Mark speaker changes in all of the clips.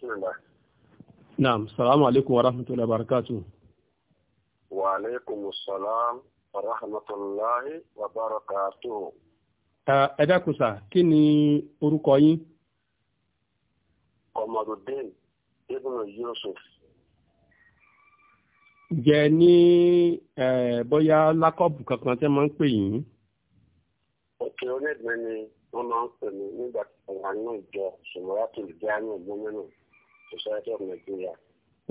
Speaker 1: bismillah.
Speaker 2: naam salaamu aleykum wa rahmatulahi wa barakatu.
Speaker 1: wa aleykum salaam wa rahmatulahi wa barakatu.
Speaker 2: ẹ dákun sá kí ni orúkọ yín.
Speaker 1: Kọmọdúndín Ibùnú Yusuf.
Speaker 2: Jẹ ní bóyá lákọ̀bù kankan tẹ́ máa ń pè yín.
Speaker 1: Òkè onídìí wọ́n máa ń pè mí nígbà tí wọ́n ìjọ Sùmọ́rá tó lè jẹ́ àánú ìgbóná náà society of Nigeria.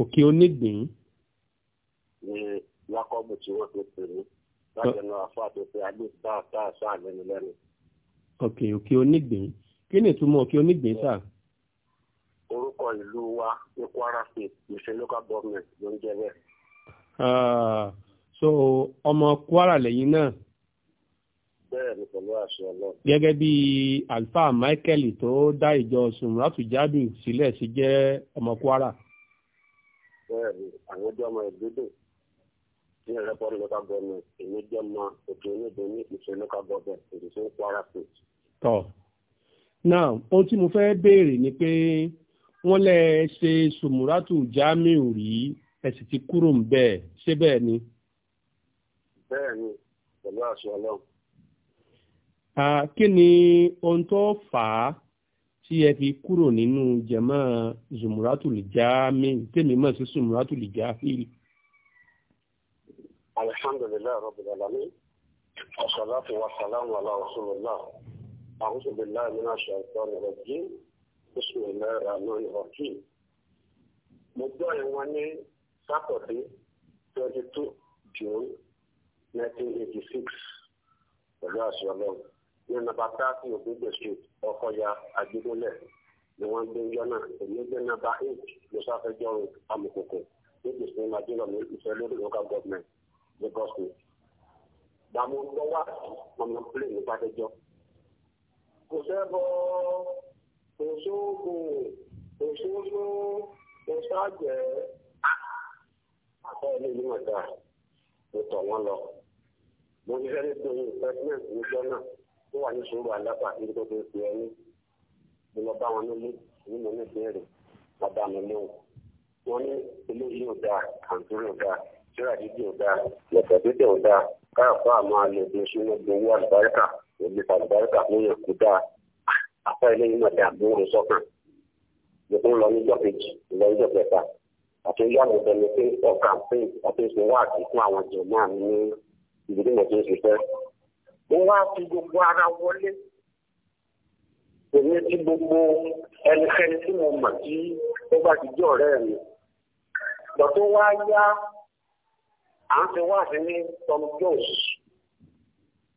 Speaker 2: òkè onígbìn.
Speaker 1: ni lákọ́bù tí wọ́n ti pè mí látẹnu àfa tó pe agbèsè tá a tá sá lẹ́nu lẹ́nu.
Speaker 2: ok òkè onígbìn kí ni ìtumọ̀ òkè onígbìn sà.
Speaker 1: orúkọ ìlú wa ní Kwara State ìṣe local government ló ń jẹ bẹ́ẹ̀.
Speaker 2: Ah, so ọmọ Kwara lẹ́yìn náà gẹ́gẹ́ bí alfa michael tó dá ìjọ sùnmùràtù jádù sílẹ̀ sí jẹ́ ọmọ kwara. bẹ́ẹ̀ni àwọn ọjọ́ ọmọ ìdúdò
Speaker 1: ní ẹ̀rẹ́pọ̀n local government èmi jẹ́ ọmọ òkè onídìí ní ìṣe local government ìṣe
Speaker 2: kwara state. tọ́ now ohun tí mo fẹ́ béèrè ni pé wọ́n lẹ ṣe sùnmùràtù jamiu rí ẹ sì ti kúrò ń bẹ́ẹ̀ ṣé bẹ́ẹ̀ ni.
Speaker 1: bẹ́ẹ̀ni pẹ̀lú àṣọ ọlọ́run
Speaker 2: kí ni ohun tó fà á tí ẹ fi kúrò nínú jẹ̀mọ́ zumuratulìjámi tèmi mọ̀ sí zumuratulìjáfìlì.
Speaker 1: alhamdulilayi rabbil alamin wasalaatu wasalaamu ala rasulillah a'udhu billahi minash shaitani rajim bisimilayi rahman rahim. mo gbọ́ ìwọ ní sátọ̀dé twenty two june nineteen eighty six pẹ̀lú àṣọ ọlọ́run ní nàbà táàkì ògbógbè street ọkọyà àgbégúnlẹ̀ ni wọ́n gbé yọ náà èmi gbé nàbà eight lọ́sàfẹ́jọ́ road amukoko níbi ìsinmi nàìjíríà ní ìfẹ́ lórí local government Lagos state. dààmú lọ́wọ́ ọmọ pílẹ̀ ní bàdẹ́jọ́. kò sẹ́bọ̀ kò sóògùn kò sóògùn kò sáàjẹ́ ah! àtọ́ ilé yìí mọ̀ dáa mo tọ̀ wọ́n lọ. mo ní fẹ́ẹ́ ní gbóyè president níjọ́ náà tó wà ní sòrò àlápà níbi tó ti ń pè ẹni mo lọ bá wọn nílé ní mo ní ìbéèrè bàbá mi léwu wọn ní eléyìí ò dáa kàǹtúrì ò dáa tíra dídì ò dáa
Speaker 2: lẹ̀tọ̀ dídì ò dáa
Speaker 1: káàpá àmọ́ alẹ́ òde ìṣúná gbowó àlùbáríkà òde àlùbáríkà fún yẹn kú dáa apá eléyìí náà dáa bí wọ́n sọ́kàn gbogbo lọ níjọ́ kejì lọ níjọ́ kẹta àti yàgò bẹni pé ọkàn pé àti ìṣòwò àti fún àwọn jẹ̀mọ́ mo wá fi gbogbo ara wọlé èmi ti gbogbo ẹnikẹ́ni tí mo mọ̀ tí ó bá ti jẹ́ ọ̀rẹ́ mi lọ́tún wá yá à ń fi wá sí ní Tom Jones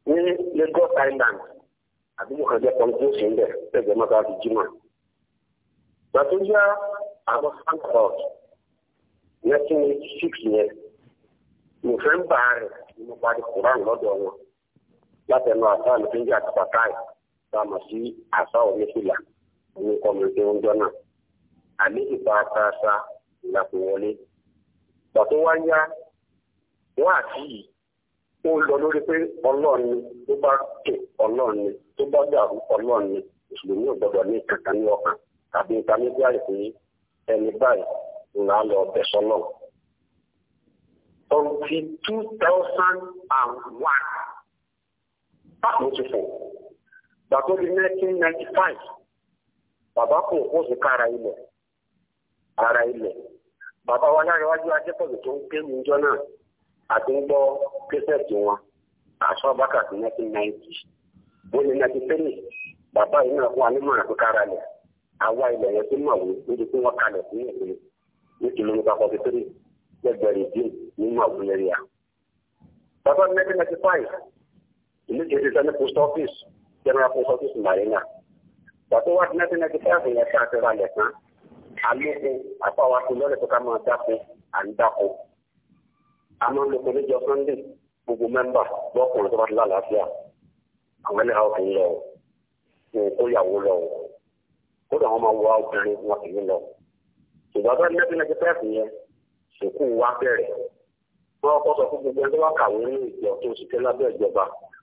Speaker 1: ní Lagos Island àdúgbò kan jẹ́ Tom Jones ń bẹ̀ lẹ́gbẹ̀ẹ́ mọ́tò àti jimá lọ́tún yá àwọn Frankfurt nineteen eighty six yẹn mo fẹ́ ń bá rẹ̀ ni mo parí Koran lọ́dọ̀ wọn látẹnu àṣà àlùfíńjà àtàkàì tá a mọ̀ sí àṣà onífìlà orúkọ mi ń jọ́nà àlẹ́ ìpàtàṣà ìlàpò wọlé. pàtó wá yá wọ́n àti yìí ó lọ lórí pé ọlọ́run ni tó bá tè ọlọ́run ni tó bá dàrú ọlọ́run ni mùsùlùmí ò gbọdọ̀ ní kankan ní ọkàn tàbí nǹkan ní báyìí pé ẹni báyìí ńlá lọ bẹ̀sọ̀ náà. until two thousand and one. beautiful. That 1995. baba kò kóso ilẹ̀. Ara ilẹ̀. Bàbá wa láríwájú nke jọ náà àti ń gbọ́ késẹ̀tì 1990. Wọ́n 1993. Bàbá yìí náà fún anímọ̀ràn tó kára lẹ̀. yẹn tó mọ̀ wí níbi 1995. Ini jadi sana ní post office general post office marina wàtí wá sí náà ti fẹ́ àfihàn sí àti ralẹ̀ tán alókun àpáwá sí lọ́lẹ̀ tó ká máa dáko à ń dáko àmọ́ lóko níjọ sunday gbogbo mẹ́mbà lọ́kùnrin tó bá ti lálàáfíà àwọn ẹlẹ́ra òfin lọ o wọn kó ìyàwó lọ o kódà wọn máa wọ obìnrin wọn kì í lọ ṣùgbọ́n tó náà ti náà ti fẹ́ àfihàn sùkúù wá bẹ̀rẹ̀ wọn kọ́ sọ fún gbogbo ẹni tó wá kàwé ní ìjọ tó ń ṣiṣẹ́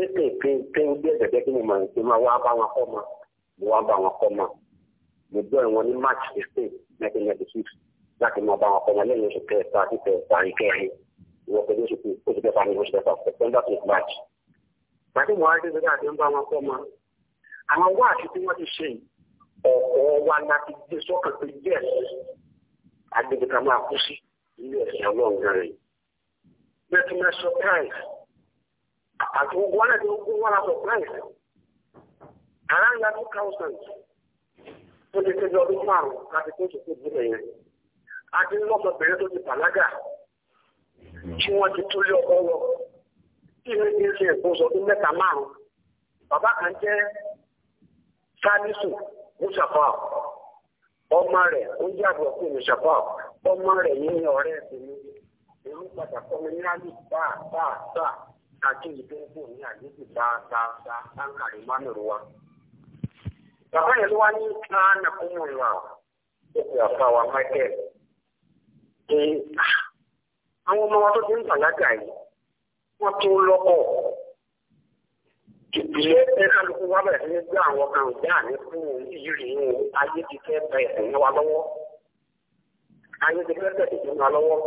Speaker 1: pé kankan kan bí ẹ̀dẹ̀dẹ̀ kí mo máa ń ṣe máa wá bá wọn kọ́ mọ́ mo wá bá wọn kọ́ mọ́ mo gbọ́ ìwọ̀n ní march fifteen nineteen ninety six láti máa bá wọn kọ́ mọ́ lẹ́yìn oṣù kẹta àti kẹta ìkẹrin ìwọ̀n pẹ̀lú oṣù oṣù kẹta ní oṣù kẹta september to march. pàtó mo wá dé ibi láti ń bá wọn kọ́ mọ́ àwọn wáàsí tí wọ́n ti ṣe ọ̀pọ̀ wa láti gbé sọ́kàn pé yes agbègbè kan máa kú sí ilé ẹ̀sìn ọlọ́run rẹ̀ àti gbogbo wọn láti gbogbo wọn lápò price around that two thousand tó ti tẹ́jú ọdún márùn-ún láti tó sùkúù gbígbẹ̀ yẹn àti lọ́sọ̀bẹ̀rẹ̀ tó ti bàlágà tí wọ́n ti tún lé ọkọ lọ tí ní ní ṣe ìkóso ọdún mẹ́ta márùn-ún bàbá kan jẹ́ sánísù mùsàfà ọmọ rẹ̀ ó jẹ́ àbúrò fún mùsàfà ọmọ rẹ̀ yìí ní ọ̀rẹ́ ẹ̀sìn mi èmi padà kọ́ mi ní àlù báà báà kakin da ko ni a duk da da da an kare ma ni ruwa da ba ruwa ni ta na kuma ruwa
Speaker 2: ya fawa mai ke
Speaker 1: eh àwọn ọmọ wa tó ti ń bàlágà yìí wọ́n tó lọ́kọ̀ ìpìlẹ̀ ẹ kálukú wa bẹ̀rẹ̀ sí ní gbé àwọn kan ìdá ní fún ìyírí ní ayé ti fẹ́ bẹ̀ ẹ̀sìn ní wa lọ́wọ́ ayé ti fẹ́ bẹ̀ ẹ̀sìn ní wa lọ́wọ́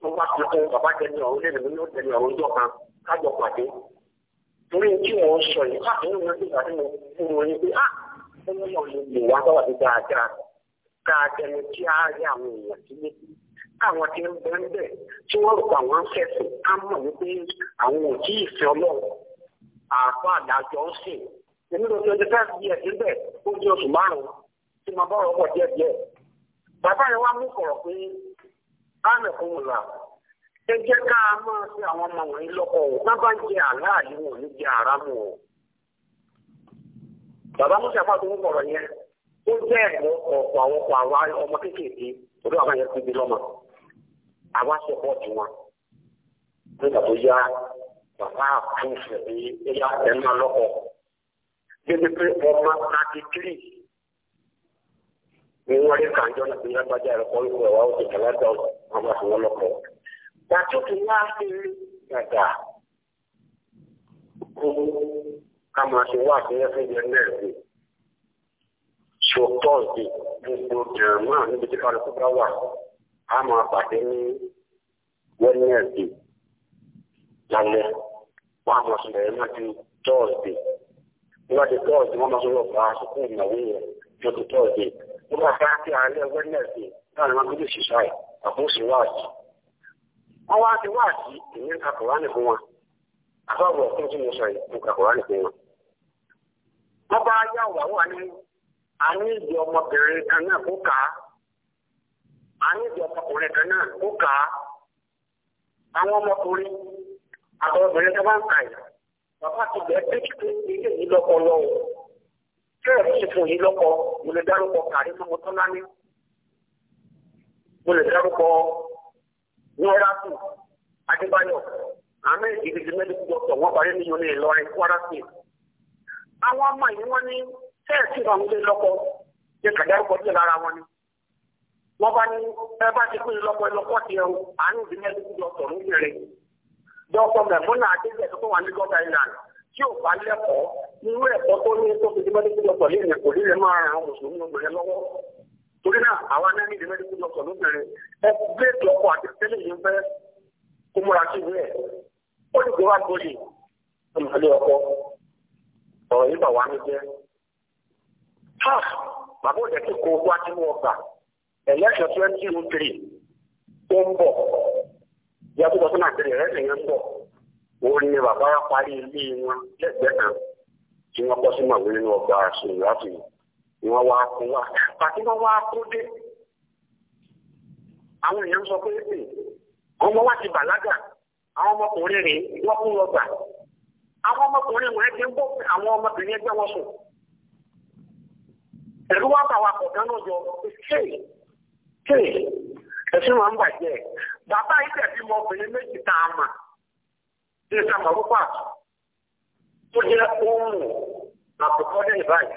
Speaker 1: tó bá tuntun kájọ pàdé torí tí wọ́n sọ yìí ká inú mi ti pàdé mo fún wọn ah, ní pé á wọ́n mọ̀ ló lè wá sọ́wọ́ sí dáadáa dáadáa ni kí á rí àwọn èèyàn ń ń tí rò ká àwọn ò tí ì àpá ń sìn èmi ló fẹ́ fi ẹ̀ bàbá yẹn wá mú pé á ẹ jẹ́ ká máa fi àwọn ọmọ wọ̀nyí lọ́kọ̀ ọ̀ bá bá ń jẹ àláàlú wọn ní jẹ àrámù ọ̀. bàbá mùsàfà tó ń sọ̀rọ̀ yẹn ó jẹ́ ẹ̀gbọ́n ọ̀pọ̀ àwọn ọkọ̀ àwa ọmọ kéékèèké torí àwọn yẹn tóbi lọ́mọ àwa sọ̀pọ̀tì wọn nígbà tó yá bàbá àkúnfẹ̀ ní ẹ̀yà ẹ̀mà lọ́kọ̀ débi pé ọmọ thirty three ni wọ́n rí kàńjọ́ nípa ìyá gbájà ẹ̀rọ Dàtú kì í wá sí dàgbà. Kúrú ká máa ṣe wá sí ẹgbẹ́ yẹn mẹ́rin. Ṣòtọ́ ìdí A máa pàdé ní Wẹ́nẹ̀sì lálẹ́. Wọ́n á máa ṣe ẹ̀rọ náà di Tọ́ọ̀sì. Nígbà tí Tọ́ọ̀sì wọ́n máa ṣe lọ́ọ̀ bá aṣọ fún ìnáwó yẹn ní ọdún Tọ́ọ̀sì. Nígbà wọ́n wá ti wá àti ìwé ka kùránì fún wọn àbáwọ̀ ọ̀tún tí mo fún wọn. wọ́n bá yá wà ní àní ìdí ọmọbìnrin kan kó àwọn ọmọkùnrin àwọn obìnrin tó yìí bàbá ti bẹ̀ẹ́ pé ti fún yìí wúrọ́dàpù adébáyọ̀ ahmed ìdíje mẹ́lẹ́kù dọ́kítọ̀ wọ́n parí ní yọlé ìlọrin kwara state. àwọn ọmọ yìí wọ́n ní sẹ́ẹ̀sì àwọn dị lọ́kọ̀ ṣe kàdárúkọ díẹ̀ lára wọn ni. wọ́n bá ní ẹ bá ti pín lọ́kọ̀ lọ́kọ̀ ti ẹ̀hún àánú ìdíje mẹ́lẹ́kù dọ́kítọ̀ ló yẹrẹ. dọ́kítọ̀ mẹ̀múnà adébẹ̀ tó wà ní torí náà àwọn anẹ́ni ìdí mẹ́rin kúndùn ọkọ̀ lóbìnrin ẹkú bẹ́ẹ̀tì ọkọ̀ àti tẹ́lẹ̀ yìí ń fẹ́ kó múra sí ìwé ẹ̀ ó lè gbé wá gbòòlì ọ̀rọ̀ yìí bà wá ní jẹ́. bàbá ọgbà twenty oh three tó ń bọ̀ tó rẹ̀ ń bọ̀ ni akụwa wá kó pàtí wọ́n wá kó dé àwọn èèyàn sọ pé ọmọ wa ti bàlágà àwọn ọmọkùnrin rèé wọ́n kú lọ gbà àwọn ọmọkùnrin wọn ti ń bọ̀ àwọn ọmọbìnrin ẹgbẹ wọn sùn ẹ̀rú wa bá dáná jọ wọn bàbá a mà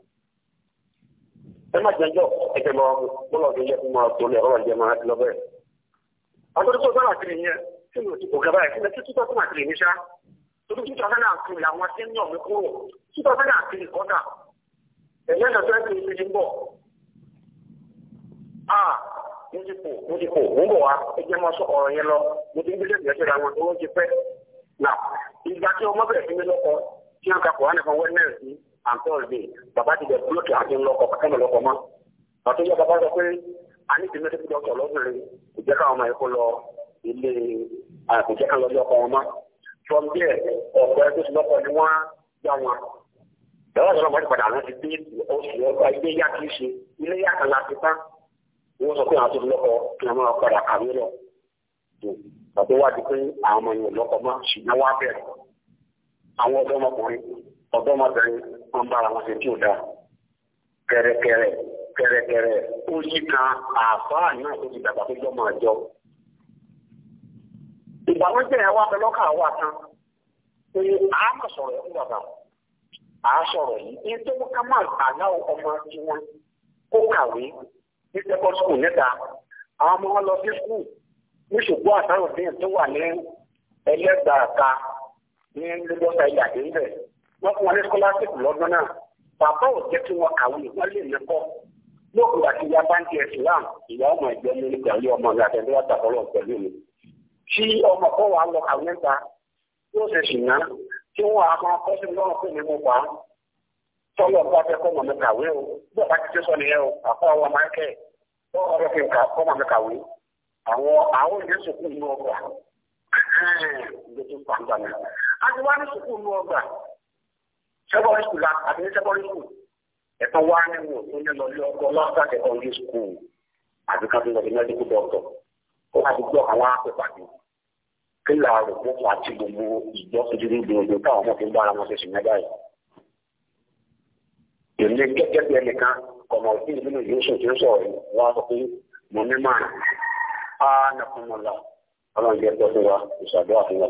Speaker 1: ẹ má jẹjọ ẹjẹ lọ bọlọ ọdún yẹ fún
Speaker 2: wa tó lẹ ọ̀rọ̀ ìjẹ máa lọ bẹ́ẹ̀.
Speaker 1: àtọ́jú tó sára kiri yẹn tí mo ti kò gaba yẹn fún mi tí tútọ́ tó máa kiri mi ṣá torí tútọ́ fẹ́ náà kiri àwọn tí ń yàn mí kúrò tútọ́ fẹ́ náà kiri kọ́tà ẹ̀yẹ́ náà fẹ́ kiri mi ti ń bọ̀. a mo ti kò mo ti kò mo ń bọ̀ wá ẹjẹ máa sọ ọ̀rọ̀ yẹn lọ mo ti ń gbélé ìgbésẹ̀ and thursday bàbá ti dẹ̀ búlọ́ọ̀kì àti ńlọkọ̀ kẹ́mi lọ́kọ̀ mọ́ bàtú yẹ bàbá sọ pé a ní tìmẹ́tì tó dọ́kítọ̀ lọ́bìnrin kò jẹ́ káwọn ọmọ yẹn kó lọ ilé kò jẹ́ káwọn lọ́jọ́ ọkọ̀ wọn mọ́ from there ọ̀pọ̀ ẹgbẹ́ tó lọ́kọ̀ ni wọ́n yá wọn lọ́wọ́ sọ̀rọ̀ wọ́n ti padà rántí pé oṣù ọgbà ilé yá kìí ṣe ilé yá kan láti tán wọ́n sọ pé àwọn tó lọ́kọ̀ kí wọ́n máa padà kàwé lọ bàtú wá di pé àwọn ọmọ yẹn lọ́kọ̀ mọ́ ṣùgbọ́n wá bẹ̀rẹ̀ àwọn ọ̀dọ́mọkùnrin ọ̀dọ́mọbìnrin wọn bára wọn ṣe tí ò dáa kẹrẹkẹrẹ kẹrẹkẹrẹ ó yí kan àáfàá náà tó ti dàgbà tó jọmọ àjọ. ìgbà wọn jẹ́ ẹ̀wá pẹ̀lọ́kà wà tán pé a máa sọ̀rọ̀ ẹ̀kú bàbá a sọ̀rọ̀ yìí ní tó ká máa àná ọmọ tí wọn kó kàwé ní second school níta àwọn ọmọ wọn lọ sí school ní ṣùgbọ́n àtàròdìn tó wà ní ẹlẹ́gbàá ka ní lọ́sà ìyàdé ń bẹ̀rẹ̀ wọ́n fún wọn ní scholarship lọ́dún náà bàbá ò jẹ́ kí wọ́n kàwé wọ́n lè ní kọ́ lóògùn àti ìyá báńkì Islam ìyá ọmọ ẹgbẹ́ mi nígbà ilé ọmọ mi àtẹ̀lé wàtà ọlọ́run pẹ̀lú mi tí ọmọ kọ́ wa lọ kàwé níta tí ó ṣe sì ná tí wọ́n á máa kọ́ sí lọ́rùn fún mi nípa tọ́lọ̀ bá fẹ́ kọ́ mọ̀ mi kàwé o bí ọba ti tẹ́ sọ nìyẹn o àpá wa máa kẹ́ fi kà kọ́ mọ̀ mi kàwé àwọn àwọn ìyẹn sùkúù nù ọgbà secondary school la àbí secondary school ẹ̀tọ́ wá ní wò ó ní lọ sí ọkọ lọ́sà secondary school àti ká tó lọ sí medical doctor ó wà ní gbọ́ àwọn àpèpàdé kí là rò mú fún àti gbogbo ìjọ ìdílé ìdòdò táwọn ọmọ fi ń bára wọn ṣe sùn nígbà yìí. èmi gẹ́gẹ́ bí ẹnìkan ọmọ òfin ìlú ìlú oṣù tí ó sọ̀rọ̀ wá sọ pé mo ní máa á nàkúnmọ́lá ọlọ́run jẹ́ gbọ́ wa ìṣàdúrà fún wa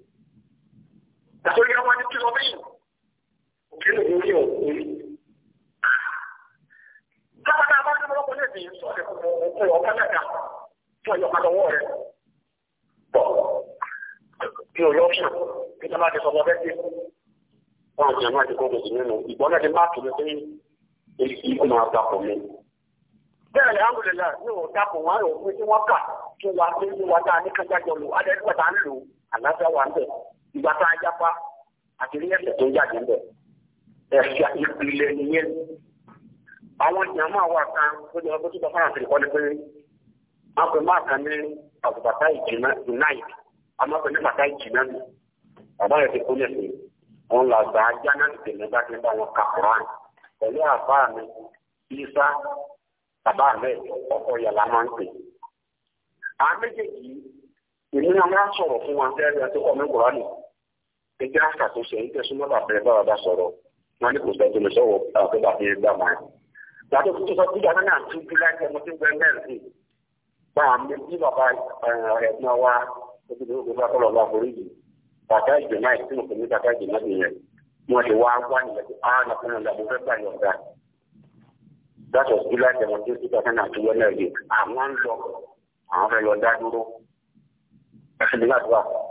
Speaker 1: da so ya wani kilo bai kilo ne yau ne ta ba ta ba ta ba ko ne bi so da ko ko ka ta to yo ka da wore to yo yo shi ke ta ma ke so ba ke ko ne ma ke ko ko ne no i bona de ma ke ne bẹ́ẹ̀ ni amúlẹ̀lá yóò dapò wọn yóò fún tí wọ́n kà tí wọ́n á gbé wọn dáa ní kájájọ lò á dẹ́gbẹ̀ta ń lò àlàáfíà wà ń bẹ̀ ìgbà tá a jápa àti ní ẹsẹ̀ tó ń jáde ń bẹ̀. ẹ̀ṣẹ̀ ìpìlẹ̀ nìyẹn. àwọn èèyàn máa wà kan tó jẹ́ ọgbẹ́ tó bá fara sílẹ̀ kọ́ni pé wọ́n pe máa kan ní àbùbàtà ìjìnà ìnáì àmọ́ pé ní bàtà ìjìnà mi bàbá rẹ̀ ti kú lẹ́sìn wọn là gbà á já náà tètè nígbà tí bá wọn kà Quran pẹ̀lú àbá mi Isa bàbá rẹ̀ ọkọ̀ yàrá máa ń pè. àwọn méjèèjì ìmúnamúra sọ̀rọ̀ fún wọn fẹ́ẹ́ rẹ̀ tó kọ́ mi Quran nìyí ẹ jẹ́ àkàtúnṣe yìí tẹ̀sùn mọ́ bàbá ẹ bára bá sọ̀rọ̀ wọn ní kò sọ tó lè sọ̀wọ́ àti bàbá ẹ gbà máa. yàtọ̀ tó sọ fújà náà ti bí láti ọmọ tí ń bẹ mẹ́rin bá a mi bí bàbá ẹ̀gbọ́n wa obìnrin ògbó bá tọ̀lọ̀ bá forí yìí bàbá ìjọba ẹ̀ tí mo fi ní bàbá ìjọba nìyẹn wọn lè wá wá nílẹ̀ tó á nàkúnlẹ̀ làbọ̀ fẹ́ gbà yọ̀ǹda. yàtọ̀ july seventeen two thousand and two wẹ́lẹ̀ yìí àwọn ń lọ àwọn fẹ́ yọ̀ǹda dúró. ẹ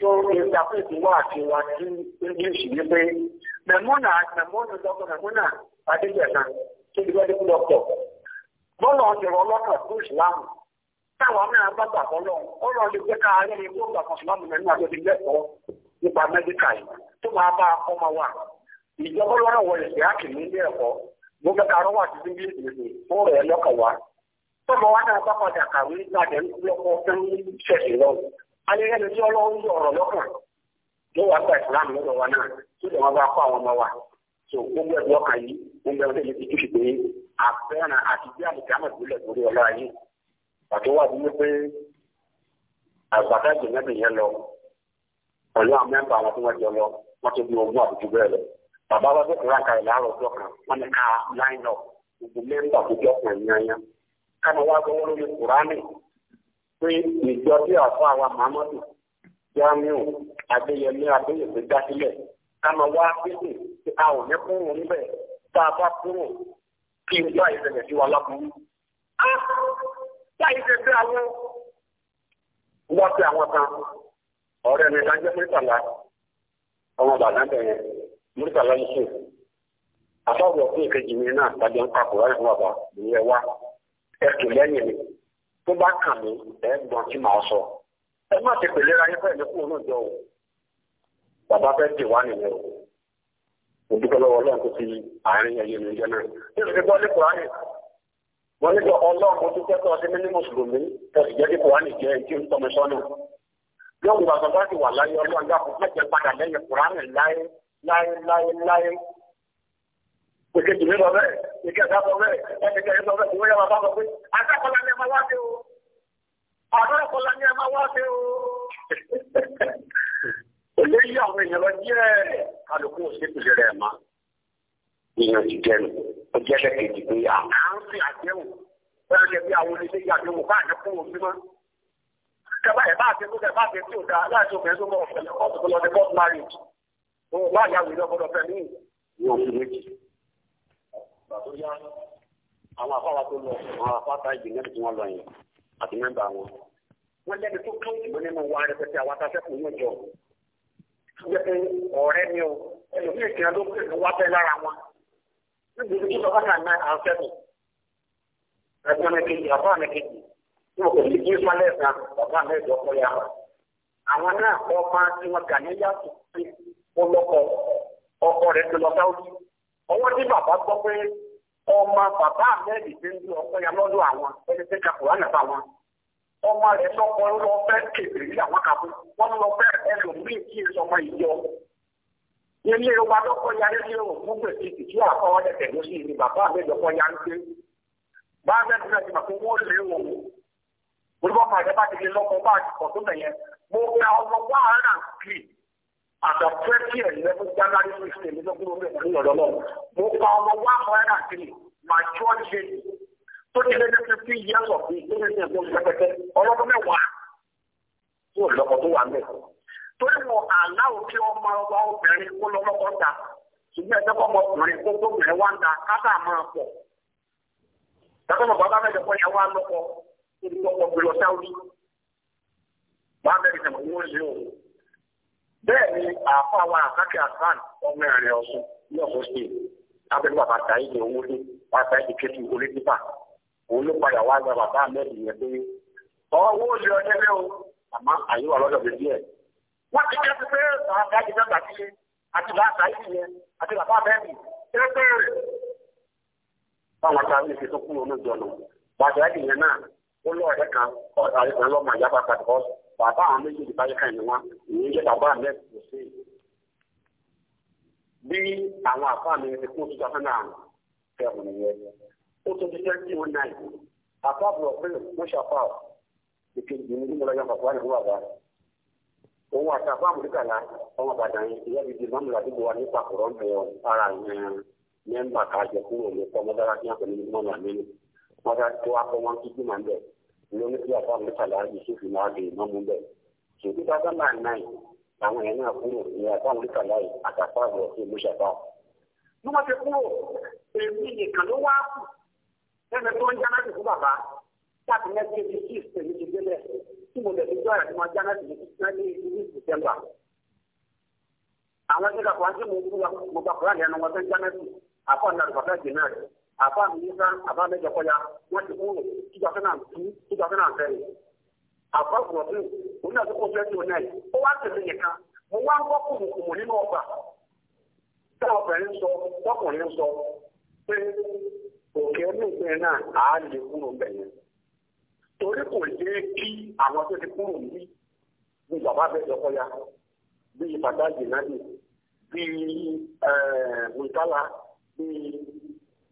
Speaker 1: tó ìsàkóso wà àti wà sí english wípé mẹmúnà mẹmúnà dọ́kọ̀ mẹmúnà adéjẹ̀ta tó ti wẹ́ẹ́ dẹ́kun dọ́kọ̀ bọ́ọ̀lù ọ̀dẹ̀rọ̀ ọlọ́kà tó ìsìlámù táwọn mẹ́rin bá gbà kọ́ lọ́hùn ó lọ lè jẹ́ ká ayé ni gbọ́dọ̀ nípa yìí tó máa bá a kọ́ máa alẹ́rẹ́ni tí ọlọ́run yọ ọ̀rọ̀ lọ́kàn ló wà gba ìsìlámù lọ́dọ̀ wa náà tó lè bá kọ́ àwọn ọmọ wa tó gbogbo ẹ̀dùn ọkàn yìí gbogbo ẹ̀dùn ẹ̀dùn ti ṣùgbọ́n àfẹ́ràn àti bí lórí pàtó wà yẹn lọ pẹ̀lú àwọn àwọn tí wọ́n jọ lọ wọ́n tó bí ogún bẹ́ẹ̀ lọ bàbá wa bẹ́ẹ̀ ní ká pé ìjọ tí àfọ àwa Muhammadu Jamiu Adéyẹmí Adéyẹmí dásílẹ̀ ká wá pínpín tí a ò ní kúrò níbẹ̀ tá a bá kúrò kí n bá ìṣẹ̀lẹ̀ sí wa lápúrú. á báyìí ṣe fẹ́ àwọn wọ́n ti àwọn kan ọ̀rẹ́ mi lájẹ́ mẹ́tàlá ọmọ bàbá bẹ̀rẹ̀ mẹ́tàlá yìí ṣe àfọwọ́ fún ìkejì mi náà tàbí ń pa kùrọ̀ ẹ̀fọ́ bàbá ìyẹn wá ẹ̀kú lẹ́yìn mi tó bá kàn mí ẹ gbọ́n tí màá sọ ẹ má ti pèlè ra yín pẹ̀lú kúrò náà jọ o bàbá fẹ́ tè wá nìyẹn o mo dúpẹ́ lọ́wọ́ ọlọ́run tó fi àárín ẹyẹ mi jẹ́ náà yóò fi gbọ́ ní kùránì wọ́n ní sọ ọlọ́run mo dúpẹ́ tó ọtí mi ní mùsùlùmí tó jẹ́ kí kùránì jẹ́ kí n tọ́ mi sọ́nà yóò bàbá ti wà láyé ọlọ́run dákun mẹ́jẹ padà lẹ́yìn kùránì láyé láyé láyé láyé. Porque tu lọ bẹ́ẹ̀, ìkẹ́ ẹ̀dá lọ bẹ́ẹ̀, ẹnìkẹ́ ẹ̀dá lọ bẹ́ẹ̀, ìwé yàrá bá lọ pé, àtàkọ́lá ni ẹ máa wá sí o. Àtàkọ́lá ni ẹ máa wá sí o. Òye yí àwọn èèyàn lọ díẹ̀, kálukú òṣèlú rẹ̀ máa. Ìyàn ti jẹnu, ó jẹ́ lẹ́kẹ̀ẹ́jì pé àkáǹsì àdéhùn, bẹ́ẹ̀ jẹ́ bí àwọn oníṣẹ́ ìyàdéhùn káàdé kúrò sí mọ́. Kẹ́bà bá àti bá àti pàtó yá àwọn afáwa tó lọ àwọn afáta ìgbìyànjú tí wọ́n lọ yẹn àti mẹ́mbà wọn. wọ́n jẹ́ni tó kí ìbò nínú wa rẹpẹtẹ àwọn atáṣẹ́kù ní ìjọ. wọ́n pe ọ̀rẹ́ mi o ẹlòmíì kìí ló pè ní wá bẹ́ lára wọn. níbi ìdíjú tó bàtà náà à ń fẹ́kù. ẹgbẹ́ mi kejì bàbá mi kejì tí mo kò ní kí ìpalẹ̀ ẹ̀sán bàbá mi ìjọ kọ́ ya. àwọn náà kọ́ máa tí wọ́n gà ní yàtọ̀ pé ó lọ́kọ̀ ọkọ rẹ̀ ti lọ sáwọ́dí. ọwọ́ tí bàbá gbọ́ pé Ọma bàbá àmẹ́rì ti ń lu ya lọ́dọ̀ àwọn ẹni ka kùránà bá wọn ọmọ rẹ̀ lọ́kọ lọ fẹ́ kébèrè àwọn kàbọ̀ wọ́n lọ fẹ́ ẹlòmíì kí n sọmọ ìjọ ilé wa lọ́kọ ya ilé o gbogbo èsì ìtìjú àkọ́wọ́ ẹ̀tẹ̀ ló sì ní bàbá àmẹ́rì ọkọ ya ń gbé bá bẹ́ẹ̀ náà ti mà pé wọ́n lé o olùkọ́ kan bá ti bá àtọ̀ twenty eleven january fifteen lọ́gbọ́n ló bẹ̀rẹ̀ ní ọ̀dọ́ náà mo pa ọmọ one hundred and three mature lady tó ti lé ní fifteen years of age tó ní ní ẹ̀gbọ́n pẹpẹtẹ ọlọ́dún mẹ́wàá tí ò lọ́kọ̀ tó wà ń bẹ̀. torí mo àláwò kí ọmọ ọba obìnrin kó lọ́lọ́kọ̀ ta ṣùgbọ́n ẹ̀jẹ̀ kọ́ ọmọkùnrin kó tó bẹ̀rẹ̀ wá ń da káta máa pọ̀. Tẹ́tọ́ mọ̀ bàbá mẹ́jọ kọ́ yẹn wá lọ́kọ̀ bẹ́ẹ̀ ni àáfà àwọn àkákẹ́ àfáàn ọmọ ẹ̀rẹ̀ ọ̀sùn ní ọ̀sùn state abẹ́lú bàbá tàyí ní owó dé bàbá òun ló padà wá bàbá o àmọ́ àyè wà lọ́dọ̀ bíbí ẹ̀. wọ́n ti jẹ́ pé bàbá yìí bàbá ti lé àti bàbá tàyí yẹn àti bàbá ṣé pé báwọn ìṣe tó bàbá yẹn baba a méjèèjì báyìí kan ní wọn ìyẹn jẹ bàbá a ẹkùn sí i bí àwọn àbá mi ti kún two thousand and seven yẹn ó tún ti twenty one nine àbá àbúrò pé wọ́n ṣàpá ìkejì ní ìmúlọ yẹn bàbá àdúgbò bàbá òun àti àbá àmúlùkàlà ọmọ ìyá wa nípa kọ̀rọ̀ ń bẹ̀ ọ́ ara yẹn mẹ́mbà kájọ kúrò ní ọmọdára tí pẹ̀lú lórí tí àfa mẹ́tàlá yusuf náà lè mọ́ mú bẹ́ẹ̀. ṣèlú bàbá máa náà àwọn yẹn náà kúrò ní àfa mẹ́tàlá yìí àtàfà rẹ̀ sí mọ́ṣàfà. bí wọ́n ti kúrò èmi nìkan ló wá kù ẹni tó ń jáná fún bàbá láti mẹ́tí ti sí ìsinmi ti délẹ̀ tí mo lè fi jọ́ àti máa jáná sí ní ní dìsẹ́mbà. àwọn tí kàkọ́ àti mo gbà kúrò àlẹ́ ẹnu wọn tó ń jáná sí àfọ̀nà àlùbọ̀tà àbá mi ná àbá mẹ́jọ kọjá wọn ti kúrò two thousand and two two thousand and three àbá bùrọ̀dù òun náà tó kó twenty oh nine ó wá tẹ̀lé yẹn kan mo wá ń gbọ́ na torí kò kí àwọn tó ti kúrò ya bàbá jìnnà mùtálà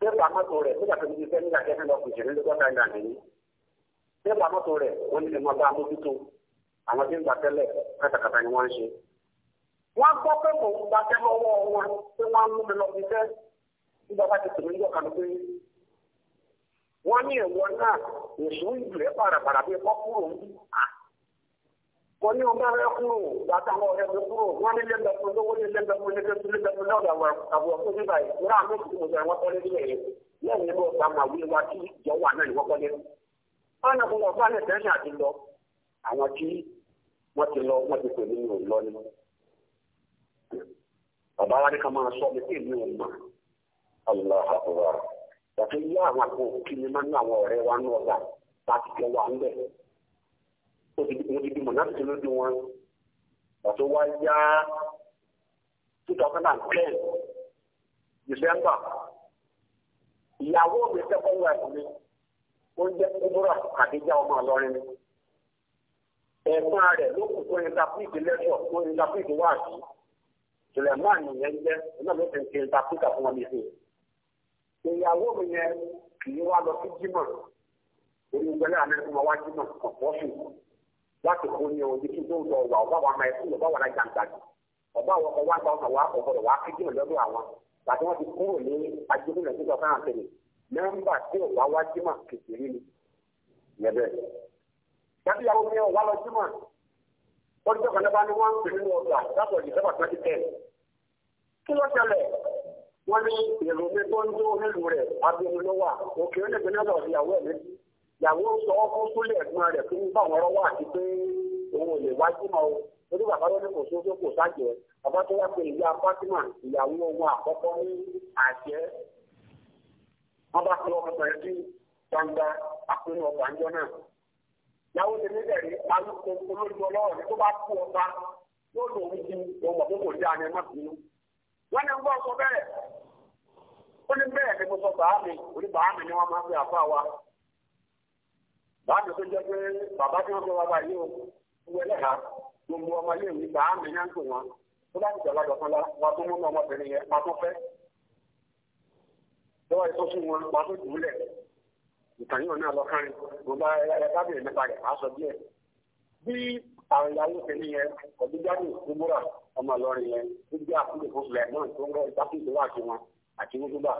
Speaker 1: pépà mọ́tò rẹ̀ nígbà tó ní iṣẹ́ nígbà jẹ́ lọ kò ṣèlú lọ́gbọ́n náírà nìyí pépà mọ́tò rẹ̀ wọ́n ní ìmọ̀ bá mójútó àwọn tí ń gbà tẹ́lẹ̀ kátàkátà ni wọ́n ń ṣe. wọ́n gbọ́ pé kò ń gba tẹ́lẹ̀ ọwọ́ wọn pé wọ́n ń mú lọ fiṣẹ́ nígbà bá ti tèmi níjọ́ kan pé wọ́n ní ẹ̀wọ̀n náà èṣù ìbìlẹ̀ pàràpàrà bí ẹ̀kọ́ kúrò wọ́n ní ọba rẹ kúrò látàwọn ọ̀rẹ́ mi kúrò wọ́n ní lẹ́gbẹ̀ẹ́ fún lówó ní lẹ́gbẹ̀ẹ́ fún lẹ́gbẹ̀ẹ́ fún lẹ́gbẹ̀ẹ́ fún lọ́dọ̀ àwọn ọ̀fún ní báyìí wúrà mi kò tó wọ́n tọ́lé nílẹ̀ yẹn lẹ́yìn nínú ọgbà máa wí wá ìjọ wà náà ní náà fún tẹ́sán àti lọ àwọn tí wọ́n ti lọ wọ́n ti pè mí ò lọ bàbá wa ká máa sọ mi pé mi ò mà yàtọ̀ yí àwọn àpò odidi mọ̀nàfíì lójú wọn pàtó wá yá two thousand and ten december ìyàwó mi second wife mi ó ń jẹ́ kúbúrà àdéjà ọmọ àlọ́rin mi ẹ̀gbọ́n rẹ̀ ló kù fún ìntàpíìtì lẹ́sọ̀ fún ìntàpíìtì wáàsí suleman nìyẹn jẹ́ iná ló ti ń ṣe ìntàpíìtà fún wọn nìyẹn ìyàwó mi yẹn kì í wá lọ sí jímọ̀ orí ìgbẹ́lẹ́ àná ìfúnmọ́ wá jímọ̀ ọ̀pọ̀ sùn. láti kó ní ohun ibi tó ń sọ wà ọba wa máa ọba wa ọba ọwọ́ àti ọkọ wa ọ̀gbọ̀dọ̀ wa kéjìlẹ̀ lọ́dọ̀ àwọn gbàtí wọ́n kúrò ní tó sọ tí wá kékeré ní èrò ìyàwó sọ fún súnlẹ̀ ẹ̀gbọ́n rẹ̀ fún bá wọn rọ́wọ́ àti pé òun ò lè wájú mọ́ o torí bàbá kò sóso kò bàbá tó wá pé ìyá Fatima ìyàwó ohun ní bá ọmọ gbangba ọgbà ńjọ náà ìyàwó ti ní alùpùpù olórí ní tó bá kú ọba yóò lò ohun wa báàmì tó jẹ́ pé bàbá tí wọ́n fẹ́ wá báyìí o wọ́n ẹlẹ́ha gbogbo ọmọ ilé ìwé bàámi náà ń pè wọ́n tó bá ti jọba jọ fún wa tó múnú ọmọbìnrin yẹn pa tó fẹ́ lọ́wọ́ ètò fún wọn pa tó dùúlẹ̀ ìtàn yìí wọn náà lọ kárin gbogbo ẹ tábìlì nípa rẹ̀ á sọ díẹ̀ bí àwọn ìyàwó kìíní yẹn ọ̀dúnjáde ìgbóra ọmọ ìlọrin yẹn ó gbé àkúrò fún sulaiman tó ń rọ ìdákùn ìlú àti wọn àti gbogbo bá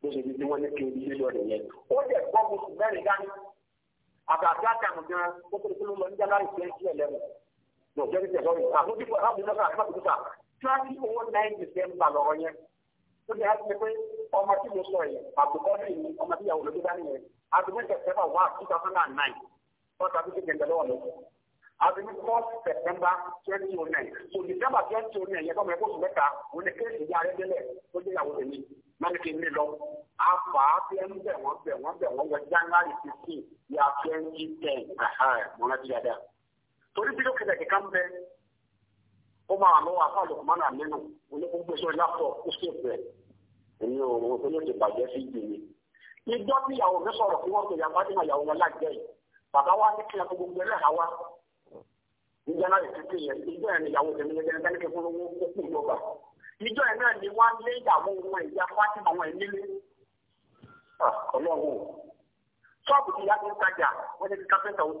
Speaker 1: bó ṣe di bí wọn ní kí orí lílọ nìyẹn ó jẹ gbọ́ mọ́sùn mẹ́rin dání àtàtì àtàmù gan kókòrókòrò lọ níjà láì fẹ́ sí ẹlẹ́rù lọ jẹ́ ní tẹ̀lọ́rì àbójútó àbójútó àbójútó twenty over nine december lọ́rọ̀ yẹn tó ní àti pé ọmọ tí mo sọ yìí àbùkọ́ ní ìní ọmọ tí ìyàwó lójú dání yẹn àbùkọ́ abini kọ́ọ̀sì sẹ̀tẹ́mbà twenty oh nine so december twenty oh nine yẹ kọ́ mọ ẹ̀kọ́ sùn mẹ́ta wọn ni kéèsì yà rẹ délẹ̀ tó dé ìyàwó tèmi mẹ́ni kí n lè lọ afa bẹ́ ń bẹ̀ wọ́n bẹ̀ wọ́n bẹ̀ wọ́n wọ january fifteen yà twenty ten mọ́nà ti yà dá torí bí lókè lẹ́kẹ̀ẹ́ kan bẹ́ ó máa lọ afa lukumana mẹ́nu onígbèsò lápọ̀ ó sì bẹ̀ èmi ò rò pé yóò ti bàjẹ́ sí ìgbìmí ìjọ tí ìyàwó mi sọ̀rọ̀ fún wọn pé ìyàwó bá dé ìjọ náà lè tètè yẹ ìjọ yẹn ìyàwó tèmi lè tẹ́lẹ̀ tẹ́lẹ̀ fún owó kókó ìjọba ìjọ yẹn náà ni wọ́n lé ìyàwó wọn ìyá Fátímà wọn nílé ọlọ́run ṣọ́ọ̀bù ti yá tó ń tajà wọ́n ní kí kápẹ́ntà ó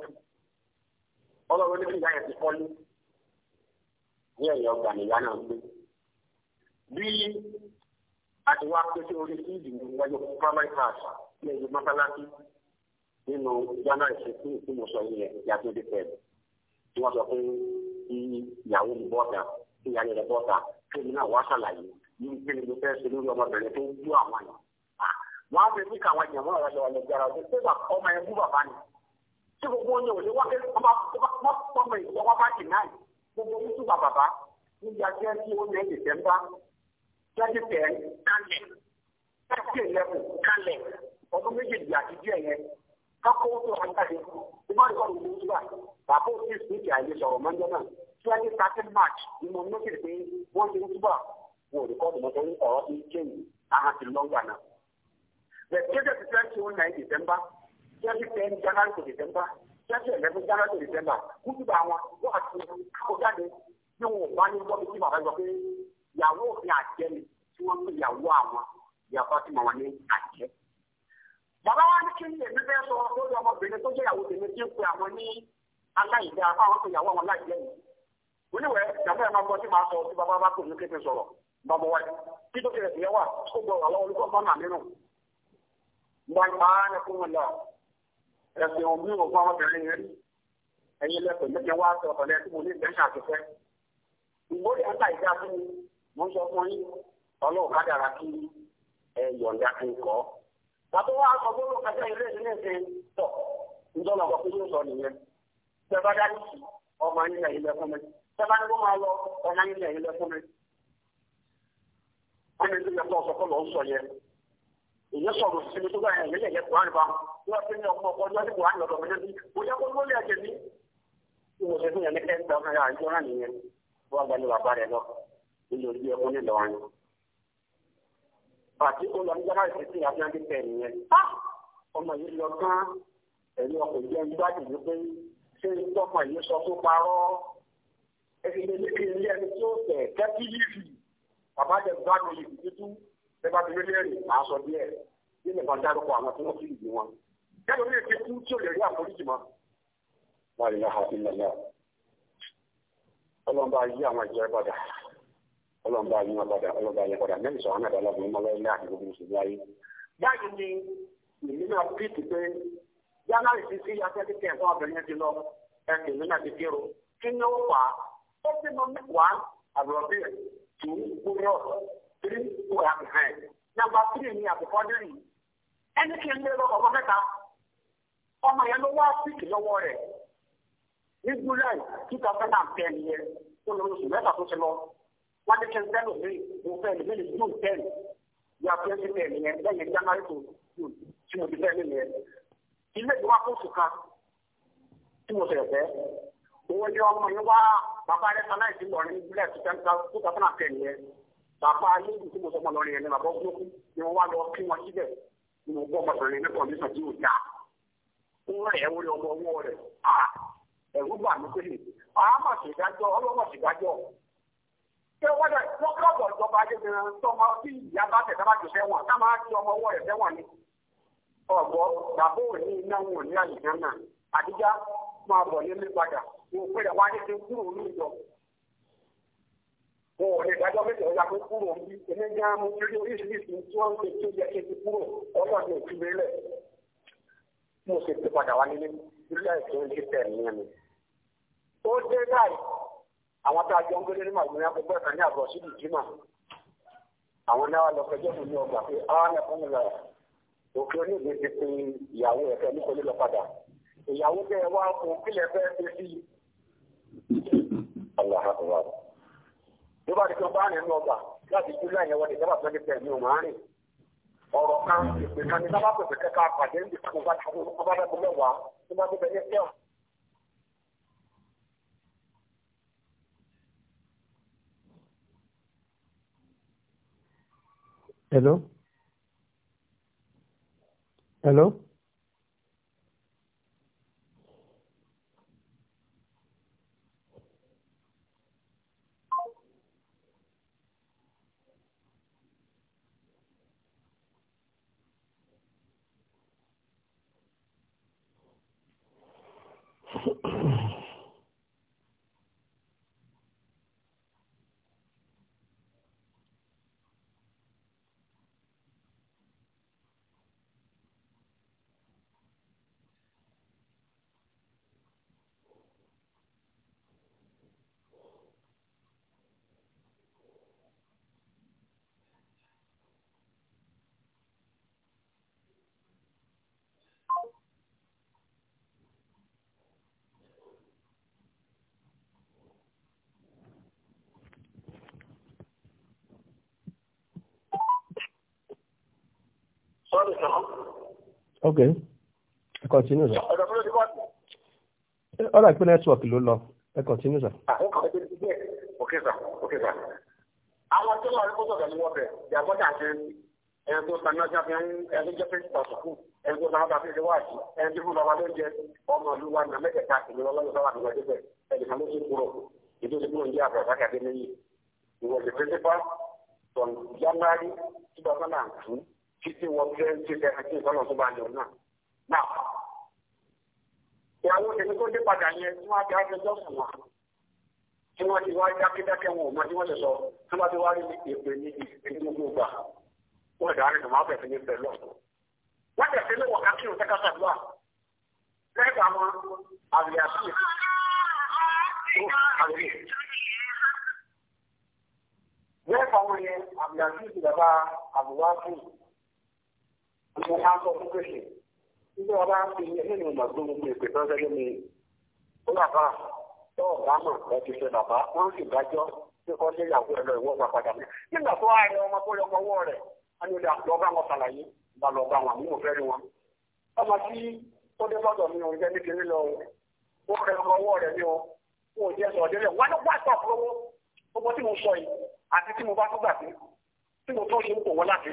Speaker 1: tù ní kí ìyá yẹn ti kọ́lé ní ẹ̀yẹ ọgbà nìyá náà gbé bí àti wá pé orí fíìdì ní wáyé primary class ní ẹ̀yẹ mọ́tálásí nínú yánà ìṣẹ́kù ìpínlẹ̀ sọ yẹn yàtọ̀ dé pẹ̀lú tí wọ́n sọ pé kí ìyàwó mi bọ́ ta kí ìyá rẹ̀ bọ́ ta kí èmi náà wá ṣàlàyé ní kí ni mo fẹ́ ṣe lórí ọmọbìnrin tó ń bú àwọn yẹn. wọ́n á fi mí káwọn jẹ̀mọ́ ọ̀rọ̀ lọ ọ̀lẹ́gbẹ́ ara ọ̀dẹ́ pé ọmọ yẹn bú bàbá ni tí gbogbo oyin ò lè wá pé ọmọ ìwọ́n bá dì náà gbogbo oyin tún bàbá níbi ajẹ́ tí ó lé dìsẹ́mbà twenty ten kalẹ̀ thirty eleven kalẹ̀ ọdún méjèèjì àti díẹ̀ yẹn kákó tó ọjà yẹn mọ́jọ́ náà twenty thirteen march ni mo nọ́ọ̀sì pé wọ́n ti ń túbọ̀ wọn ò rí kọ́ọ̀dù mọ́tò ní ọ̀rọ̀ ti ń kéyìn ahọ́n ti lọ́ngbà náà. the case of twenty one nine december twenty ten january to december twenty eleven january to december kúndùbà wọn wọ́n àti káwọ́ jáde bí bá ní wọ́n fi bàbá yọ pé ìyàwó òfin àjẹ́ ni tí wọ́n pè ìyàwó àwọn ìyàwó àti màwọn ní àjẹ́. bàbá wa ní kí ni èmi fẹ́ sọ lórí ọmọbìnrin tó jẹ́ ìyàwó tèmi tí ń pe àwọn ní aláìlẹ́ apá wọn pè yàwó àwọn aláìlẹ́ yìí ọ ìyàwó ẹ̀ máa gbọ́ tí máa sọ tí bàbá bá pè ní kéde sọ̀rọ̀ bàbá wa kí tó ọ ìyẹn wà ó gbọ́ àwọn olùkọ́ kan náà nínú. mo máa fún wọn lọ ẹ̀sìn òmí òfin ọmọbìnrin yẹn ẹ̀yin lẹ́kọ̀ọ́ lẹ́kẹ̀ wá sọ ọ̀tọ̀ tí mo ní àtúfẹ́. fún mi mo ń sọ fún yín ká dára kí ẹ yọ̀ǹda kí n kọ́. bàbá wa sọ fún ìjọba dání sí ọmọ nílẹ̀ ilẹ̀ fún mi ìjọba ní e, kó máa lọ ọmọ nílẹ̀ ilẹ̀ fún mi. wọ́n ní ilé ẹ̀kọ́ ọ̀sọ̀kọ́ lọ ń sọ yẹn èyí sọ̀rọ̀ sí mi tó bá yẹn ilé ẹ̀kọ́ àrùbá wọ́n ti ní ọmọ ọkọ ọjọ́ níbo àná ọ̀dọ̀ mi níbi kò yẹ kó lórí ẹ̀jẹ̀ mi. ìwòsàn fún yẹn ní ẹgbẹ́ ọmọ yàrá ìjọra nìyẹn wọ́n gba ní bàbá rẹ̀ lọ ilé orí ẹkún nílò wọn. àti olùwànjọba ìfẹsẹ̀ àti àdìpẹ̀ nìyẹn. ọmọ yìí lọ tán ẹ̀yìn ọkọ̀ ìjẹun gbájú wípé ṣe tọkọ yìí sọ tó parọ́ ẹni lélẹ́kẹ̀ ilé ẹni tí tẹ̀ kẹ́kí bàbá jẹ gbádùn yìí títú ẹ bá ti rí máa sọ díẹ̀ bí nìkan dárúkọ àwọn tí wọ́n fi ìdí wọn. kẹ́lò ní èké kú tí ò lè rí àforíjì mọ́. wàá rí láha sílẹ̀ náà ọlọ́mọba yí àwọn ìjọ ẹ padà ọlọ́mọba yí wọn padà ọlọ́mọba yí padà mẹ́rin sọ̀rọ̀ náà dá lọ́gbọ̀n yálà ìsísí afẹ́kẹ́kẹ́ ẹ̀fọ́ abẹ̀rẹ̀ ti lọ ẹ̀sìn nínú àti kírun kí ni ó fà á ó ti mọ mẹ́wàá àbúrọ̀bí tù ú gbúrọ̀ tírí kú àmìhàn nàgbà tírì ní àbùkọ́ dírì ẹni kí n lé lọ ọmọ mẹ́ta ọmọ yẹn ló wá síkì lọ́wọ́ rẹ̀ na ti mi mo mi to mo ti ilé ìwà fóṣù kan tí mo ṣẹlẹ̀ fẹ́ owó ni ọmọ yẹn wá bàbá rẹ sanáì sí lọrin nílẹ̀ tó tẹ fúnà bàbá tí mo lọrin yẹn ni bàbá ni wá lọ kí wọn síbẹ̀ ni mo gbọ́ ọmọbìnrin ní kọ̀ǹdíṣàn tí rẹ̀ ọmọ rẹ̀ ẹ̀rú mí pé ṣé wọ́n dẹ̀ wọ́n ọ̀gbọ́ bàbá ò ní iná wọn ò ní àyíká náà àdíjá máa bọ̀ nílé padà wọn ò pèrè wá ní ti kúrò ní ìjọ. wọn ò lè dájọ́ méjì ọjà pé kúrò ní ilé ní àmú orí oríṣiríṣi tí wọ́n ń pè tó yẹ kí n ti kúrò ọlọ́ọ̀dẹ òkú lélẹ̀. mo sì ti padà wá nílé nílé ẹ̀sìn
Speaker 2: ní tẹ̀ nìyẹn mi.
Speaker 1: ó dé báyìí àwọn tá a jọ ń gbélé ní màgbọ́n yá gbogbo ẹ̀ka ní àbọ̀ sídìí jimá àwọn náà lọ fẹjọ́ mi ní ọgbà pé àwọn ẹ̀kọ́ mi lọ òfin onígbè ti pe ìyàwó ẹ̀fẹ́ ní kọlé lọ padà ìyàwó tẹ wá fún kílẹ̀ fẹ́ ṣe sí i. ló bá di pé ọba rìn ní ọgbà láti ju láyẹn wọlé sábà tó ní pẹ̀lú òun àárín ọ̀rọ̀ kan ìpè kan ní sábà pèsè kẹ́kẹ́ àpàdé ní ìpàkùn bá tó bá dẹ́kun mẹ́wàá tó bá tó bẹ ní kẹ́ọ̀.
Speaker 2: Hello. Hello? Okay. Continue, sir. All Ọ̀rọ̀ ìpínlẹ̀ network ló lọ. Ẹ continue, sir.
Speaker 1: Ah, okay, sir. Okay, sir. Àwọn tó wà lóko sọ̀rọ̀ ni wọ́n bẹ̀. Ìyàgbọ́n tà ṣe ẹni tó sanná sí àfihàn ẹni jẹ́ pẹ́sìtà sùkúù ẹni tó sanná sí àfihàn ṣe wáàsí ẹni tó fún bàbá ló jẹ ọmọ ìlú wa nà mẹ́tẹ̀ẹ̀ta ìlú ọlọ́run sábà nígbà débẹ̀ ẹni kan ló ṣe kúrò ìdí òṣèlú òǹjẹ́ àbọ̀ sákàdé lẹ́yìn ìwọ̀n the principal from January two thousand and two títí wọ twenty seventeen sọ́nà tó bá lọ náà. Náà ìyàwó tèmi tó dé padà yẹn tí wọ́n á fi á fi jọ́sùn wọn. Tí wọ́n ti wá dákẹ́dákẹ́ wọn ò mọ tí wọ́n ti sọ tí wọ́n ti wá rí èpè ní ìpínlẹ̀ gbogbo gbà. Wọ́n dàá rìn bẹ̀rẹ̀ ní bẹ̀rẹ̀ lọ. Wọ́n tẹ̀sí ní wọ̀ká kí òun tẹ́ka sàdúrà. Lẹ́gbàá mọ yẹn àríyàsí ti bàbá àbúwá fún mo á sọ nígbà wọn bá ń fi nínú ìmọ̀gbọ́n mi pè pé tọ́jú mi ó bàbá tó ọ̀gá mọ̀ ẹ ti bàbá wọ́n sì dájọ́ pé kọ́ sí ìyàwó ẹ̀ lọ ìwọ́ gba padà mi nígbà tó wà ọmọ tó lọ ọwọ́ rẹ̀ á ní olè àlọ́ bá wọn ṣàlàyé bá lọ bá wọn àmúhò fẹ́ rí wọn. ọmọ tí ó dé lọ́dọ̀ mi ò jẹ́ nítorí lọ ọwọ́ rẹ̀ ni wọn ò jẹ́ sọ ọdẹ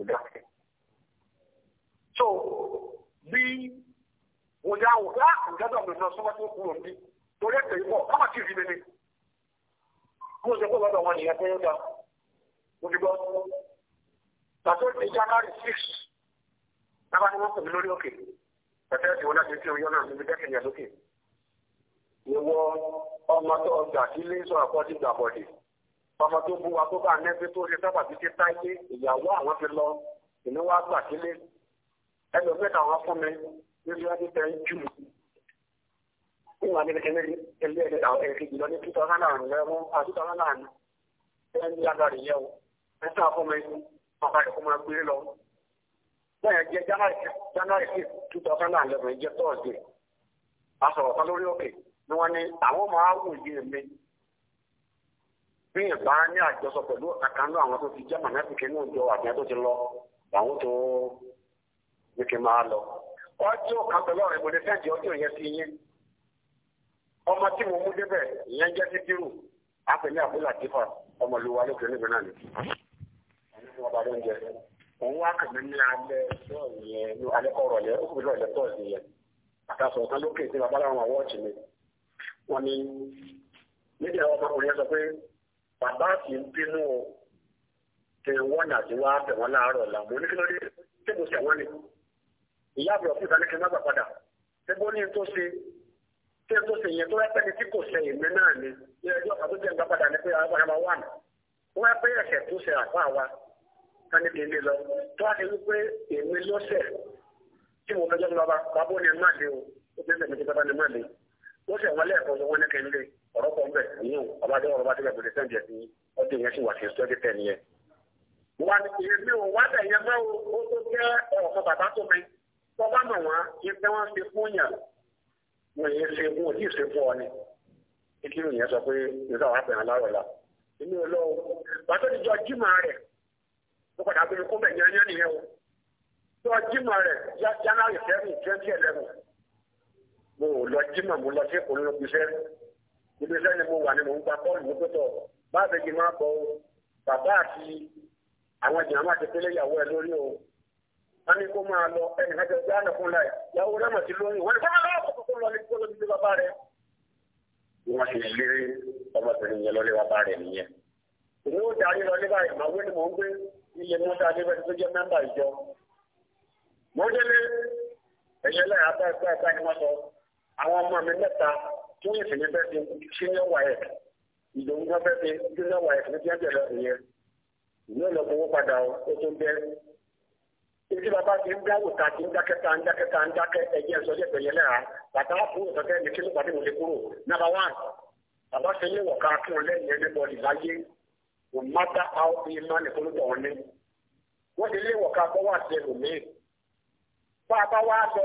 Speaker 1: ọ̀dà. Eh, so bí wọ́n yá wọ́n yá ìjọba mi lọ sọ́wọ́ tó kúrò ní torí ẹ̀tẹ̀ yìí pọ̀ káwọn ti rí mi wọ́n ṣe kó lọ́dọ̀ wọn nìyẹn pé ó da olùgbọ́. pàtó di January six tábà ni wọ́n pè mí lórí òkè pẹ̀tẹ́ ẹ̀sìn wọn láti fi òyìn náà níbi dẹ́kẹ̀yà lókè. ọmọ tó sílé sọ gbàbọ̀dì. ọmọ tó bú wa tó bá nẹ́gbẹ́ tó ṣe sábà fi táyé ìyàwó àwọn ti lọ ìní wa gbà sílé ẹlòmíkà wọn fún mi níbi wọn ti tẹ jù ìwà níbi kí ilé ẹni àwọn èkejì lọ ní two thousand and eleven àti two thousand and ten agbára ìyẹn o ẹ fún mi ọba ìkó máa gbé lọ bẹ́ẹ̀ jẹ́ january six two thousand and jẹ́ thursday a kan lórí òkè ni wọ́n ní àwọn máa wòye mi. bí ìbá ní àjọsọ pẹ̀lú àkàndọ̀ àwọn tó ti jẹ́ mọ̀nàfíkì náà jọ àbí ti lọ àwọn tó ní kí máa lọ. ọjọ́ kan pẹ̀lú ọ̀rẹ́ mo lè ọmọ tí mo mú débẹ̀ ìyẹn jẹ́ sí àpẹẹlẹ àbúlà tífà níbi náà ni. òun wá kàmí ní alẹ́ yẹn ní alẹ́ yẹn ó tọ́ọ̀sì yẹn àtàsọ̀ kan lókè tí wọ́n bàbá àti ń bínú o tẹ wọn àti wá tẹ wọn láàárọ̀ làwọn oníkílódé tí mo ṣe àwọn ni ìyá àbúrò fún ìdánikẹ́ má gbà padà ṣé bó ní tó ṣe tí tó ṣe yẹn tó wá pẹ́ni tí kò ṣe ìmí náà ni ẹjọ́ kan tó jẹ́ ìgbà padà ni pé àwọn ọmọ wa nà wọ́n á pé ẹ̀ṣẹ̀ tó ṣe àpá wa kání kì í lè lọ tó á ṣe wípé èmi lọ́sẹ̀ tí mo fẹjọ́ lọ́ba bàbá ni má le o ó ti ń tẹ̀mí tí bàbá ni má le ó ṣẹ̀ ọ̀rọ̀ kan bẹ̀ nínú ọ̀bádé ọ̀rọ̀ bàdé gbàgbé sẹ́ǹdì ẹ̀sìn ọdún yẹn sì wà sí twenty ten yẹn. wà ní kìí mi o wá bẹ̀ yẹn fẹ́ o tó jẹ́ ọ̀sán bàbá tó mi tó bá mọ̀ wọ́n ife wọn ṣe fún yàn wọ́n yẹn ṣe fún òdì ṣe fún ọ ni. ìkírù yẹn sọ pé nígbà wàá bẹ̀rẹ̀ aláwọ̀ la inú lọ bàtọ́ ti jọ jímọ̀ rẹ̀ ó padà bẹ̀rẹ̀ kó bẹ̀ yẹn yẹn nìyẹn o lọ jímọ̀ rẹ̀ January seven twenty eleven mo lọ jímọ̀ mo lọ sí olóògbé sẹ́yìn ibi iṣẹ́ ni mo wà ni mo ń gba bọ́ọ̀lù ní pẹ́tọ̀ báàbẹ̀ kì í máa bọ̀ o bàbá àti àwọn ènìyàn máa ti pélé ìyàwó ẹ lórí o wọ́n ní kó máa lọ ẹnì kan jẹ́ jáàna fún láì ìyàwó náà ti lóyún wọ́n ní kó máa lọ kókó lọ ní kó lọ sí bàbá rẹ̀. bí wọ́n ṣe lé ọmọbìnrin yẹn lọ bàbá rẹ̀ nìyẹn. èmi ó darí lọ ní báyìí màá wé ni mò ń gbé ilé mú dáadé bẹ́ẹ̀ tó jẹ́ mẹ́mbà ìjọ. mo délé ẹ̀yẹ lẹ́yìn abẹ́ ni wọ́n sọ àwọn ọmọ mi mẹ́ta kí ni ìṣèlú fẹ́ fi senior wife ìdòwú wọn fẹ́ fi junior wife ní kíákẹ́ lọ́sùn yẹn ìlú ọ̀lọ́gbọ̀wọ́ padà ó tó bẹ́ẹ̀. Ibi bàbá ti ń dáwò ta ti ń dákẹ́ ta ń dákẹ́ ta ń dákẹ́ ẹ̀jẹ̀ ẹ̀sọ́ jẹ́ pẹ̀lẹ́ lẹ́ra. Bàbá kúrò sọ́kẹ́ ní kíló pàdé òde kúrò. Nàbà wá, bàbá ṣe yé wọ̀ká kí wọn lẹ́yìn ẹni bọ́ọ̀lì láyé. No matter how he man ìfowópamọ́ wọn ní. Wọ́n ti lé wọ̀ká bọ́wọ́ àti ẹlòmíì. Bá a bá wá lọ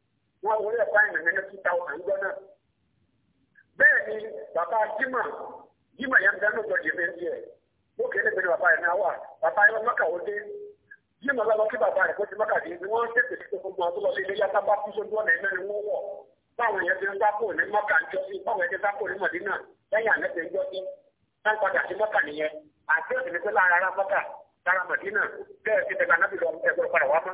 Speaker 1: wọn wọlé fáìnì nínú two thousand gbọ́ náà. bẹ́ẹ̀ ni bàbá jimá jimá yẹn bẹ́ẹ̀ ló gbọ́dọ̀ jẹ́ bẹ́ẹ̀ ó kéde pé bàbá yẹn náà wà bàbá yẹn mọ́kà ó dé jimá bá lọ kí bàbá rẹ̀ kó ti mọ́kà dé ni wọ́n tètè sí gbogbo àwọn tó lọ sí ilé yàtá bá kúso dúró náà ní wọ́n wọ̀ báwọn yẹn ti ń sáko ní mọ́kà ń jọ́sí báwọn yẹn ti ń ní mọ̀dínà lẹ́yìn àná ti ń jọ́sí náà padà sí mọ́kà nìyẹn àti òsì ní pé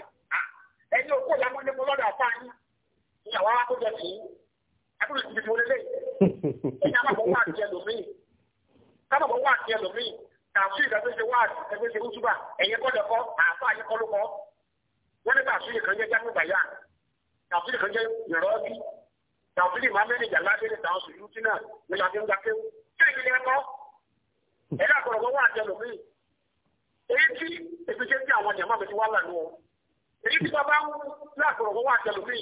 Speaker 1: tó jẹ ẹkùnrin ti mo lélẹ̀ ẹ̀yà àbàbọ̀ wà àti ẹlòmíì kábàbọ̀ wà àti ẹlòmíì kàfíì ìdàgbéṣe wà ẹgbẹ́ṣe wútúbà ẹ̀yẹ kọ́jọ kọ́ àfọ àyẹ kọ́ ló kọ́ wọ́n ní kàfíì kan jẹ́ jágbégbà yá kàfíì kan jẹ́ ìrọ́bí kàfíì mamẹ́ni ìjàládé ní tàwọn sùn yútí náà ní la fi ń gafé kéèyàn ní ẹkọ́ ẹ̀yà àbọ̀rọ̀ wà àti ẹlòmíì èyí tí èyí tí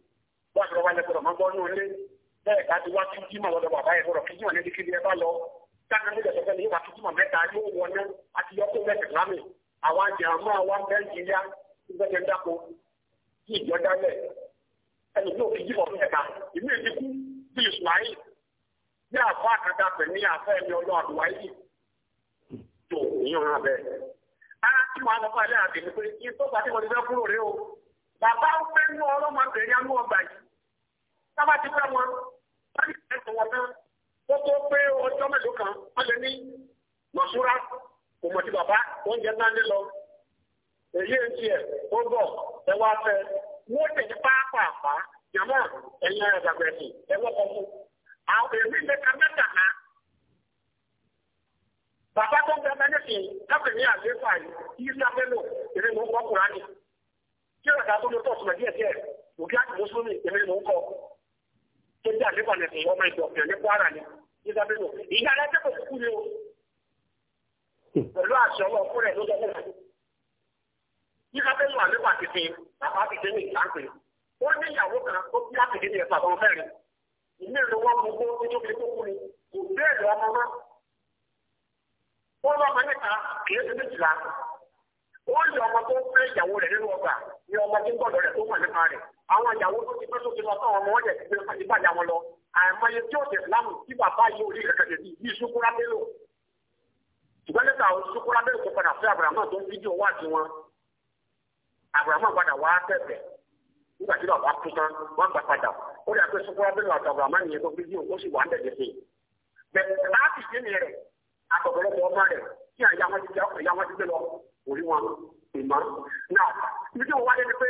Speaker 1: wọ́n ti lọ wá lẹ́gbọ̀dọ̀ máa ń gbọ́ ní ilé bẹ́ẹ̀ ká ti wá kí jímọ̀ lọ́dọ̀ bàbá yẹn gbọ́dọ̀ kí jímọ̀ ní kíkiri ẹ bá lọ táwọn ọmọdé sọ̀tẹ́ ní ìwà kí jímọ̀ mẹ́ta yóò wọná àti yọ kó mẹ́tẹ̀ lámì àwọn àjàmọ́ àwọn bẹ́ńkìlá tí bẹ́ẹ̀ ń dáko kí ìjọ dálẹ̀ ẹni tó fi jímọ̀ mẹ́ta ìlú ìdíkú bí Ismail bí àfọ àkàtà pẹ̀ ní àfọ ẹ̀mí ọlọ́ àdùwáyé tó ìyọ̀n abẹ́ ara tí wàá lọ fún alẹ́ àbẹ̀ni pé ìtọ́gbà tí wọ́n ti fẹ́ kúrò rẹ o bàbá ń fẹ́ ní ọlọ́mọbìnrin amú ọgbà yìí sábà ti fẹ́ wọn lórí ẹ̀sùn na náà ó tó pé ọjọ́ kan wọ́n lè ní lọ́sùrá kò mọ̀ sí bàbá oúnjẹ náà nílọ èyí ń tiẹ̀ ó bọ̀ ẹ wá fẹ́ wọ́n yàmọ́ ẹ̀sìn ẹ fún àwọn èmi mẹ́ta ná bàbá tó ń bẹ ní yìí èmi ń kọ́ kí tó tọ̀ tó jẹ́ àlékọ̀ lẹ́sìn ọmọ ìdọ̀kẹ̀ ní Kwara ni ní sábẹ́lò ìyá rẹ̀ tẹ́kọ̀ kúkú ni o pẹ̀lú àṣọ ọmọ ọkùnrin ló dọ́kọ̀ lọ́dún ní sábẹ́lò àlékọ̀ àti fi bàbá ti dé ní ìlànà ó ní ìyàwó kan ó bí àtìdé ní ẹ̀fà àwọn mẹ́rin ilé ìlú wọn mú gbó tó tóbi ni kò bẹ́ẹ̀ lọ ọmọ náà wọ́n lọ́mọ níta kìí ṣe méjìlá wọ́n yọ ọmọ tó fẹ́ ìyàwó rẹ̀ nínú ọgbà ní ọmọ tó gbọ́dọ̀ rẹ̀ tó wà nípa rẹ̀ àwọn ìyàwó tó ti pẹ́ tó ti lọ sọ́wọ́ ọmọ wọn yẹ ti gbé ìbàjá wọn lọ àìmọye tí ó tẹ̀sí láàmú tí bàbá yìí orí rẹ̀ kẹ̀kẹ́ bíi bíi sukuradelo ṣùgbọ́n lẹ́tà àwọn sukuradelo tó padà fẹ́ abrahamu tó ń fídíò wá sí wọn abrahamu padà wá tẹ̀sẹ̀ nígbà tí bàbá kú tán wọ́n gbà padà ó dà pé sukuradelo àti abrahamu nìyẹn tó fídíò ó sì wà ń dẹ̀dẹ̀ sí bẹ̀rẹ̀ láti ṣe nìyẹn rẹ̀ àtọ̀gbọ̀lọpọ̀ ọmọ rẹ̀ kí àyà wọn ti gbé lọ òrí wọn ìmọ̀ náà ibi tí mo wá dé ni pé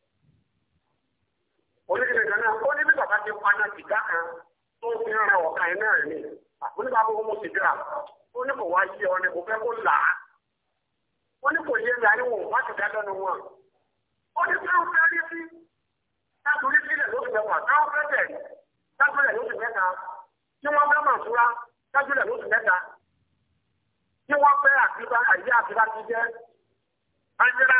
Speaker 1: onídìrí kan náà ó ní bí bàbá ti paná sìgá kan tó fi ń ra ọ̀ka iná ni àbúrò bá gbogbo mo sìgá ó ní kò wá yé ọ ni kò fẹ́ kó là á ó ní kò yé láyé wò wá sìgá lẹ́nu wọn ó ní fẹ́ fẹ́ rí sí tábìlì sílẹ̀ ló fi mẹ́fà táwọn fẹ́ bẹ̀ tábìlì ló fi mẹ́ta tí wọ́n fẹ́ mọ̀ fúra tábìlì ló fi mẹ́ta tí wọ́n fẹ́ àtibá àyè àtibá ti jẹ́ àjẹrà.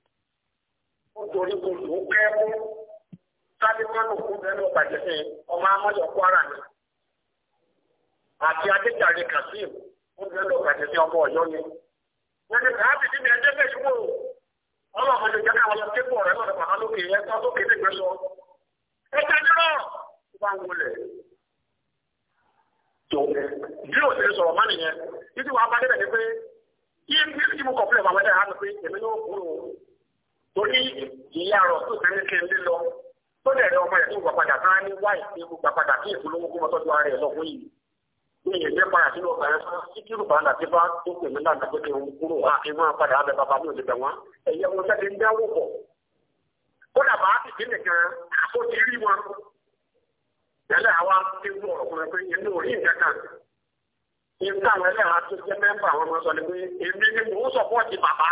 Speaker 1: nítorí kò ló kẹ́kọ́ sábẹ́kọ́nù kú bẹ́ẹ̀ pàdé sí ọmọ amọ́yọ̀ kwara ni àti adéjàre kazeem kú bẹ́ẹ̀ ọmọ ọ̀yọ́ ni. wọ́n ti sàá bìí ní ẹjẹ́ bẹ́ẹ̀ ṣubú o ọlọ́run ti lọ́dọ̀ lókè lókè ní ìgbésọ. ó ó bá ń wọlé. bí o sọ̀rọ̀ má nìyẹn títí wàá bá débẹ̀ pé torí ìyá rọ tó sẹ́ni kí n lé lọ tó dẹ̀ ọmọ ẹ̀ tó gbà padà sáà ní wáì tí gbà padà kí ìpolówó kó mọ ara ẹ̀ lọ fún yìí ní ìyẹn jẹ́ padà sínú ọgbà fún síkírù bá láti bá tó pè mí lánàá pé kí kúrò wá kí padà abẹ bàbá mi ò lè bẹ̀ wọ́n ẹ̀yẹ wọn sẹ́ni ń dáwó kódà bá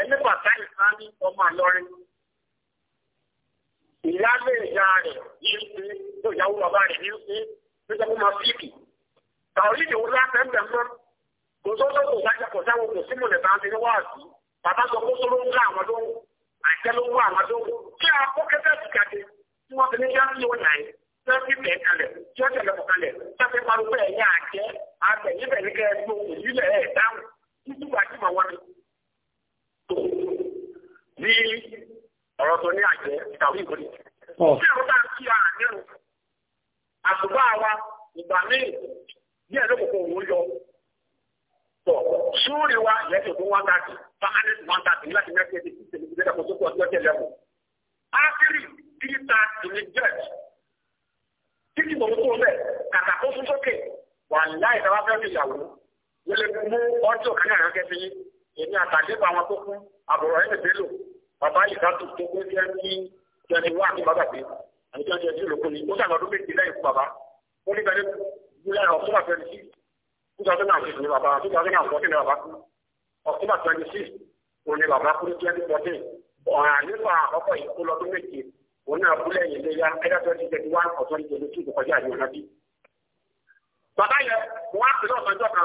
Speaker 1: ẹni bàtà ìsáni ọmọ àlọrin ìyáálé ìyá rẹ̀ ní ṣe tó ìyàwó bàbá rẹ̀ ní ṣe tó jẹ́ máa fíìkì tàwọn ìdè wọn láti ẹgbẹ́ mọ́ kò tó tó kò sájà kò sáwọn kò símù lẹ̀ bá ń fi wá sí bàbá sọ kó sóró ń àwọn tó àjẹ́ ló wá àwọn tó kí a kó kẹ́kẹ́ ti tí wọ́n fi ní yá sí òun náà tí wọ́n fi bẹ̀ kalẹ̀ tí wọ́n tẹ̀lé kalẹ̀ tí wọ́n fi parọ́ pé ẹ̀yìn àjẹ́ àtẹ̀yìnbẹ̀ ní kẹ́ẹ́ gbóhùn ìlú bí ọ̀rọ̀ tó ní àjẹ́ tàbí ìwé. Ṣé àwọn bá ń kí ara nírun? Àṣùgbọ́n àwa ìgbà míì òun yọ. ṣúúrì wa yẹ kí òkun wá tàbí fáánì wọn tàbí láti mẹ́kẹ́ ti tẹ̀lé ìgbésẹ̀ kó tó ọjọ́ tẹ̀lé Ákírì títa ìní jẹ́ẹ̀tì. Títí mò ń sókè wà láì fẹ́ ìyàwó. Wọ́n lè mú ọjọ́ kan èmi àtàkébà àwọn tó kún àbọ̀rọ̀ ẹ̀ bẹ́lò bàbá ìdátù tó kún jẹ́ ní twenty one ní bàbá pé àti twenty twenty ló kún ní ó sàn lọ́dún méjì lẹ́yìn fún bàbá ó ní bẹ́ẹ̀ july october twenty six two thousand and six ní bàbá two thousand and fourteen ní bàbá kú october twenty six ó ní bàbá kú ní twenty fourteen ọ̀ràn nípa àkọ́kọ́ yìí kó lọ́dún méjì òun náà kú lẹ́yìn iléyà ẹ̀dá twenty twenty one or twenty twenty two kò kọjá àyè ọ̀nà bí. bàbá yẹ wọn á pè lọ́sọ̀ọ́jọ́ kan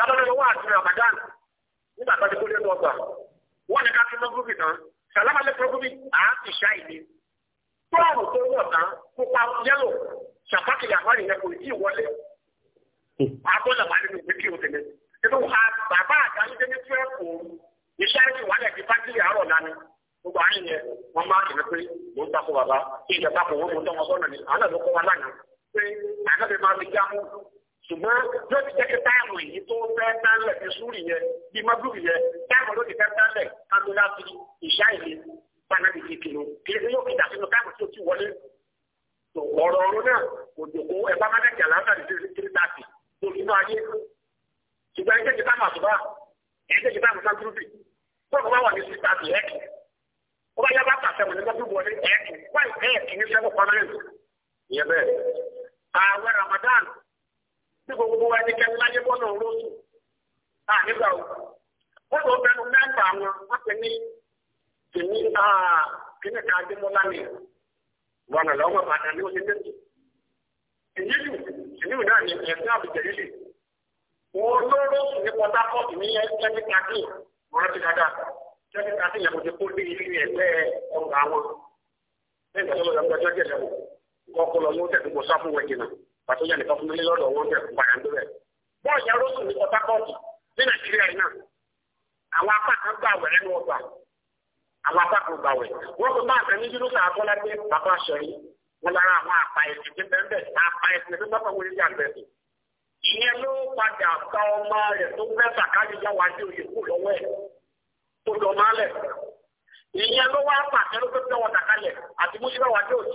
Speaker 1: tábọ́lẹ́ lọ́wọ́ àti Ramadan nígbà tó ti kó lẹ́nu ọgbà wọ́n ní ká tún lọ́gùn bì tán sàlámà lẹ́kọ̀ọ́ gùn bì á ti ṣá ìdí tóòrùn tó wọ̀ tán pupa yẹ́lò ṣàpákì àwọn èèyàn kò tí ì wọlé kí o tẹ̀lé nínú bàbá àtàlùjẹ́ ní tí iṣẹ́ àárọ̀ lánàá gbogbo àyìn yẹn wọ́n ṣùgbọ́n yóò jẹ́ kí táàmù yìí tó fẹ́ tánlẹ̀ fi súrì yẹn bí mọ́gùrù yẹn táàmù ló ti tánlẹ̀ kánúlá fi ìṣá ìlé pàdánù fi kìnnú kí yóò fi dà sínú táàmù ti wọlé. ọ̀rọ̀ ọ̀run náà kò dòkó ẹ̀fọ́ mẹ́tẹ̀ẹ̀kì àlàáfàdì tí ó ta sí lórí inú ayé. ṣùgbọ́n ẹ̀jẹ̀ ti táàmù àtúbà ẹ̀jẹ̀ ti táàmù sáńtúrúbì bọ́ọ̀kọ́ tí gbogbo wa ní kẹ́kẹ́ láyé bọ́ọ̀lù olóṣù à nígbà wo wọ́n tó bẹnu mẹ́fà wọn wọ́n ti ní tèmi kíni ká dé mọ́lá wọn lọ wọn bàtà ní oṣù méjì èyí lù èyí lù náà ní ẹ̀sìn àbùjẹ̀lì lè wọ́n lóró ní Port Harcourt ní ẹgbẹ́ kàdí wọ́n ti dada ẹgbẹ́ kàdí yẹn kò ti kó dé ilé ẹgbẹ́ ọgbà wọn ní ìgbà tó lọ lọ pàtó yẹn nìkan fún mi lọ́dọ̀ owó tẹ̀ fún bàyà ń bẹ̀rẹ̀. bọ́ọ̀lù yẹn rọ́ọ̀sùn ní Port Harcourt ní Nàìjíríà yìí náà àwọn apá kan gbà wẹ̀ nínú ọgbà àwọn apá kan gbà wẹ̀ wọ́n fi máa tẹ̀lé yúlú náà bọ́lá pé bàbá sọ̀rí wọn lára àwọn àpá ẹ̀sìn tí bẹ́ẹ̀ bẹ́ẹ̀ àpá ẹ̀sìn tí wọ́n fọwọ́ yíyá bẹ̀rẹ̀ ìyẹn ló padà ká ọmọ rẹ̀ tó fẹ́ sàkáyé yá wá sí òye kú lọ́wọ́ ẹ̀ tó lọ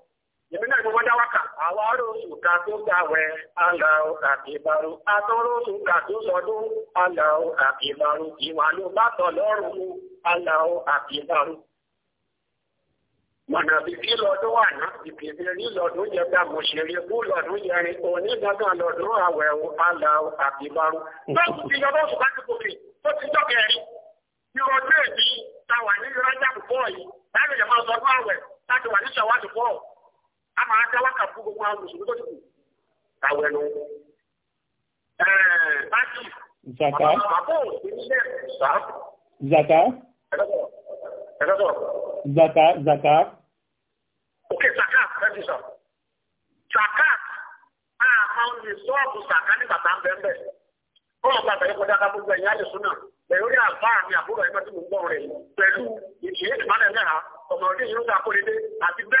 Speaker 1: Èmi náà ni wọ́n dá wákà. Àwa arósù ká tó gbàwẹ̀, aláwo àbíbarú. Atọ́rọ́sù ká tó sọdún, aláwo àbíbarú. Ìwà ló bá tọ̀ lọ́rùn, aláwo àbíbarú. Mọ̀nà bíbí lọ́dún wà náà, ìbìbí rí lọ́dún yẹ bá mo ṣe rí kú lọ́dún yẹ rí onígbàgbọ́n lọ́dún àwẹ̀wò aláwo àbíbarú. Báwo ti yọ lọ́sùn bá ti gòkè? Ó ti jọ́ a máa dá wákà fún gbogbo àwọn mùsùlùmí tó ti kù kàwé nu. bájì. zaka. àbọ̀ ìpínlẹ̀ sá. zaka. ẹ̀rọ sọ̀rọ̀.
Speaker 2: zaka zaka.
Speaker 1: ok zaka fẹ́ẹ́ sọ. zaka a máa ń lè sọ́ọ̀bù zaka ní bàtà bẹ́ẹ̀ bọ́ọ̀ bá bẹ̀rẹ̀ kọjá ká gbogbo ẹ̀yìn àlè súnà pẹ̀lú rí àbá mi àbúrò ẹgbẹ́ tí mo gbọ́ rẹ̀ pẹ̀lú ìṣe ìmọ̀lẹ̀ mẹ́ra ọmọ ọdún yìí ń ta kórede àti bẹ́ẹ̀.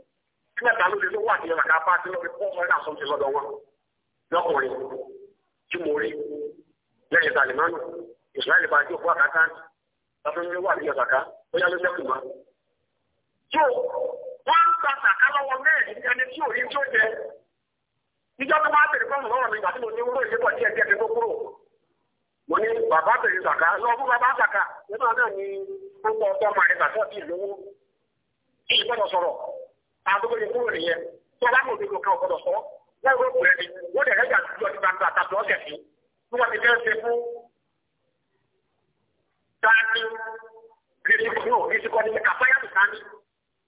Speaker 1: mẹ́ta ló lè ló wà ní ọ̀làkà bá tí lórí fún ọ̀rẹ́ àsọ̀tì lọ́dọ̀ wọn lọ́kùnrin tí mo rí lẹ́yìn talimanu ìsúláìlì bá jó fún àkàkà lọ́dún ló wà ní ọ̀làkà ó yá ló mẹ́kùn mọ́. tó wọ́n ń gba sàkà lọ́wọ́ mẹ́rin ẹni tí ò ní tó jẹ ìjọ tó máa bèrè fọ́ọ̀mù lọ́wọ́ mi ìgbà tí mo ní wúlò ìdíbọ̀ díẹ̀ díẹ̀ tó kúrò mo ní bàbá bèrè sàkà lọ bàbá sàkà nígbà náà ni ó gbọ́ ọ̀tọ́ máa rẹ̀ sàkà bíi ìgbọ́dọ̀ sọ̀rọ̀ àgbègbè kúrò nìyẹn tó bá mọ̀ òdodo kan ọ̀gbọ́dọ̀ sọ wọ́n ìwé kúrẹ́ ni wọ́n lè rẹ́jà lójú ọtí gbangba àtàtà ọ̀sẹ̀ sí tí wọ́n ti fẹ́ ṣe fún tani gírísìkò gírísìkò ní kàfáyàtù tani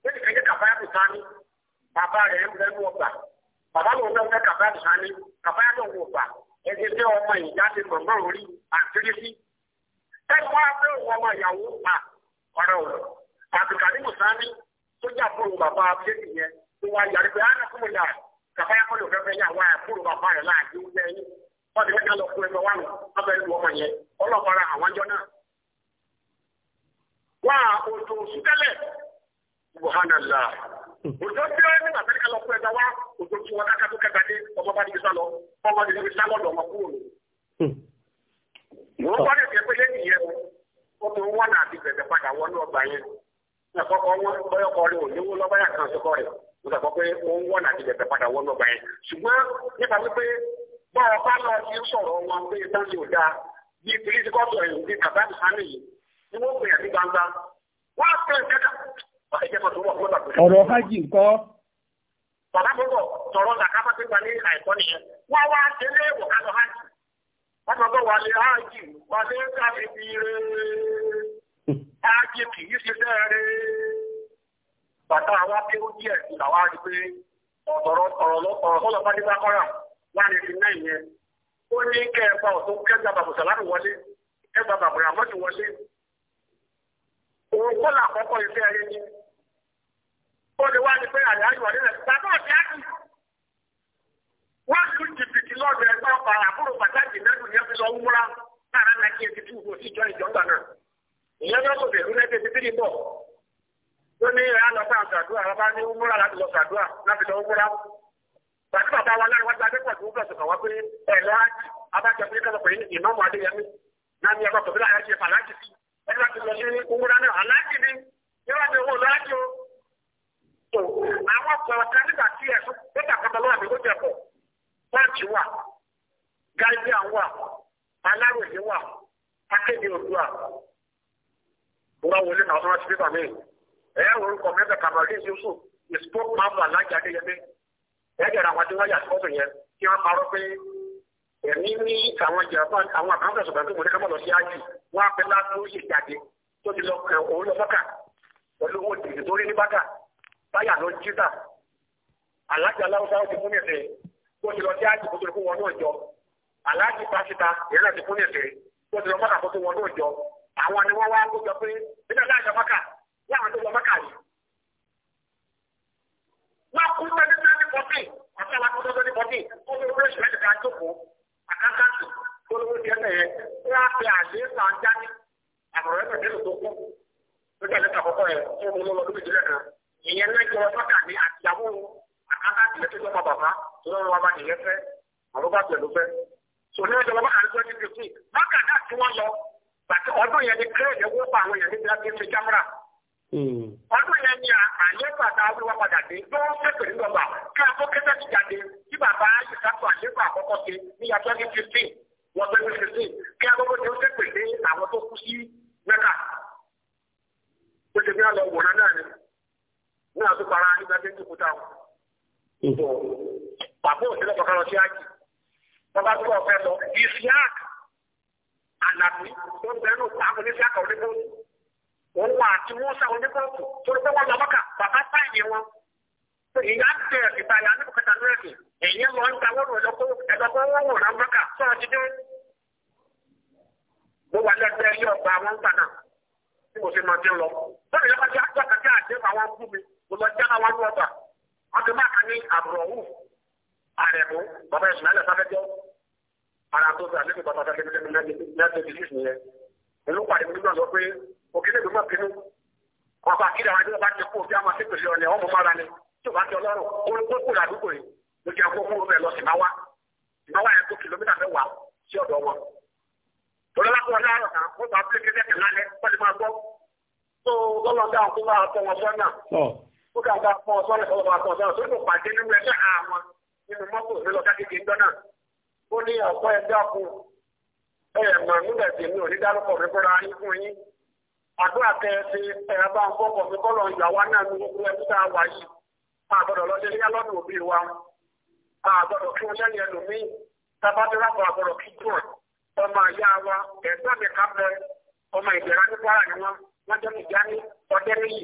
Speaker 1: lẹ́yìn kan jẹ́ kàfáyàtù tani bàbá rẹ̀ ń bẹ́ẹ̀ wọ̀ gbà bàbá lòun náà fẹ́ kàfáyàtù tani kàfáyàtù wọ̀ gbà ẹni tí ọmọ ìyá ti gbọ̀ngbọ̀n tó jà kúrò bàbá bíyẹ̀sì yẹn tó wá yàrá pé àná kúrò yà kàfá yà kúrò yà wá kúrò bàbá rẹ̀ láàdé ó lẹ́yìn wọ́n tí bàbá ká lọ tí wọ́n kákàtó kẹgbà dé ọmọ àkọ́kọ́ wọn bọ́yọ̀kọ́ rẹ̀ ò léwó lọ́bàyà kan sọ́kọ́ rẹ̀ ó sọ pé ó ń wọ̀nà àti padà wọ́n lọ́gbà yẹn ṣùgbọ́n nípa wípé bọ́ọ̀ bá lọ sí sọ̀rọ̀ wọn pé sáńdì ò dáa bíi pírísì ẹ̀yìn bíi bàbá mi yìí ni wọ́n pè àti gbangba wọ́n á tẹ̀ ẹ̀jẹ̀ kan ọ̀rọ̀ hajj ńkọ́. bàbá mi bọ̀ sọ̀rọ̀ làkà bá ti gba ní àìkọ́ nìyẹn wọ́n wá délé ìwòkàlọ̀ hajj wọ́n ájé kì í ṣe sẹ́ẹ̀rẹ́ bàtà di pé díẹ̀ làwa rí pé ọ̀rọ̀ sọ́lọ́ bá dé bá wà ní ti yẹn ó ní kẹfà ọ̀tún kẹgbà bàbùsà láti wọlé bàbùrà wọlé òun ayé ni ó lè wá ní pé àlẹ́ ayọ̀ bàbá wọ́n jìbìtì lọ́dọ̀ pàtàkì ìyẹn náà kò fèrú lẹ́sẹ̀ títí ní bọ̀ tó ní ìyá lọ́sà àgbàdua wọn bá ní umúra láti lọ sàdúà láti lọ umúra pàtó bàbá wa láì wá gba akẹ́kọ̀ọ́ tó ń wá pé ẹ̀ abájọ pé ìmọ̀mù adéyẹmí náà ní ẹ̀kọ́ tó sí láti lọ sí náà ni owó o. àwọn tí ẹ̀ ó wá wọlé náà sọ́wọ́n ti pépà mi ẹ̀ orúkọ mẹ́fẹ̀ kàmọ́lé yusuf ìsopọ̀ máa bọ̀ alájà adéyẹmí ẹ̀ jẹ́ra àwọn tí wọ́n yà sọ́tò yẹn kí wọ́n parọ́ pé ẹ̀mí ní àwọn japan àwọn àkáńtà sọ̀tàn tó mọ̀ ní ká mọ̀ lọ sí ájì wọ́n apẹ́ látó yè jáde tó ti lọ kẹ òun lọ bákà pẹ̀lú owó tìrì tó rí ní bákà báyà lọ jíta alájà àwọn ni wọ́n wá kó jọ pé nígbà láàjọ mọ́kà láwọn tó lọ mọ́kà yìí. wọ́n kú twenty twenty fourteen àti àwọn akọ́tọ́ twenty fourteen ó ní oríṣi mẹ́ta ká jókòó àkáńtáǹtì tó lówó di ẹ̀mẹ̀ yẹn wọ́n á fi àbọ̀rọ̀ tó kú nígbà ìdílé kan ìyẹn náà jọ mọ́kà ní àtìyàwó tó jọ bàbá tó pàtó ọdún yẹn ni kírèdì owó pa àwọn èèyàn níbi láti ṣe jámúra. Hmm. ọdún yẹn ni àléébà tá a wí wá padà dé tó ń ṣètò nínú ọgbà kí a tó kẹsẹ̀ ti jáde tí bàbá ìsàkó àléébà àkọ́kọ́ ṣe ní ya twenty fifteen wọ́n twenty fifteen kí agogo tó ń ṣèpè lé àwọn tó kú sí mẹ́ta. ó ṣe bí wọn lọ wòran náà ni ní àtúpara nígbà tí ń tukú táwọn. Hmm. bàbá òṣèlú kọkànlọ sí àjì wọn bá tó ọ̀fẹ́ lọ ìsìláàkì àlàbí tó ń bẹnu àwọn oníṣẹ́kà oníbọ̀ọ̀tù wọn wà àti wọn sá oníbọ̀ọ̀tù tó ń bẹ́ wọn lọ mọ́kà bàbá sáyẹn wọn. ìyá ń tẹ ìgbà ìyá ní bùkátà ẹ̀yìn lọ ń tawọ́ rẹ̀ lọ́kọ́ ẹ̀dọ́gbọ́ wọn wò rán mọ́kà sọ́ọ́ ti dé. mo wà lẹ́gbẹ́ ilé ọgbà àwọn gbàdàn tí mo máa dé lọ. bọ́ọ̀lù àjọ kàkẹ́ àdé àwọn mi ara tó sọ àlejò bàbá sáré lẹ́nu lẹ́nu bìlíf nìyẹn ìlú pàdé mi náà sọ pé òkèlè mi máa bínú ọba kí làwọn ẹgbẹ́ bá ti kú òfin àwọn sípèsè ọ̀nà ọmọ mára ni tí ò bá ti ọlọ́run ó kú làdúgbò yìí ló jẹ́ kó kúrò bẹ́ẹ̀ lọ sí máa wá máa wá yẹn tó kìlómítà mẹ́wàá sí ọ̀dọ̀ wọn. torí láti wọn láàárọ̀ kan ó bá pé kékeré kan lálẹ́ wọ́n ti máa gbọ́ tó lọ́lọ́ dáhùn tó bá tọ́ wọn sọ́nà ó kà bá tọ́ wọn sọ́nà ó ní ọ̀pọ̀ ẹgbẹ́ ọkùn ẹ̀mọ̀ nígbà ò ní dárúkọ mi yín fún yín àdúrà bá ń mi náà ní gbogbo ẹbí tá a wà yìí a gbọ́dọ̀ lọ délé lọ́dún òbí wa a gbọ́dọ̀ kí wọ́n lẹ́yìn ẹlòmíì tábàdúrà kan àgbọ̀dọ̀ kí jù ọmọ àyá wa ẹ̀gbọ́n mi ká bẹ ọmọ ìgbéra ní kwara ni wọn ìjà ní ọdẹ níyì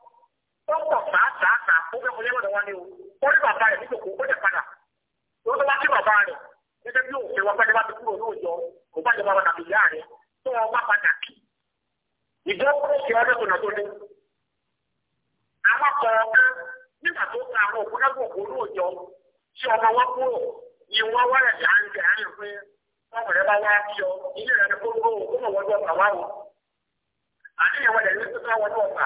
Speaker 1: wọ́n pọ̀ tàá tàá tàá ó fẹ́ mo lẹ́wọ̀n wọn ni o wọ́n rí bàbá rẹ̀ níjòkó ó jẹ padà ó tó wá sí bàbá rẹ̀ gẹ́gẹ́ bí òfin nígbà tó ka àwọn òkú náà gbòòkó lóòjọ́ tí ọmọ kúrò wá rẹ̀ pé rẹ̀ bá wá ọ ilé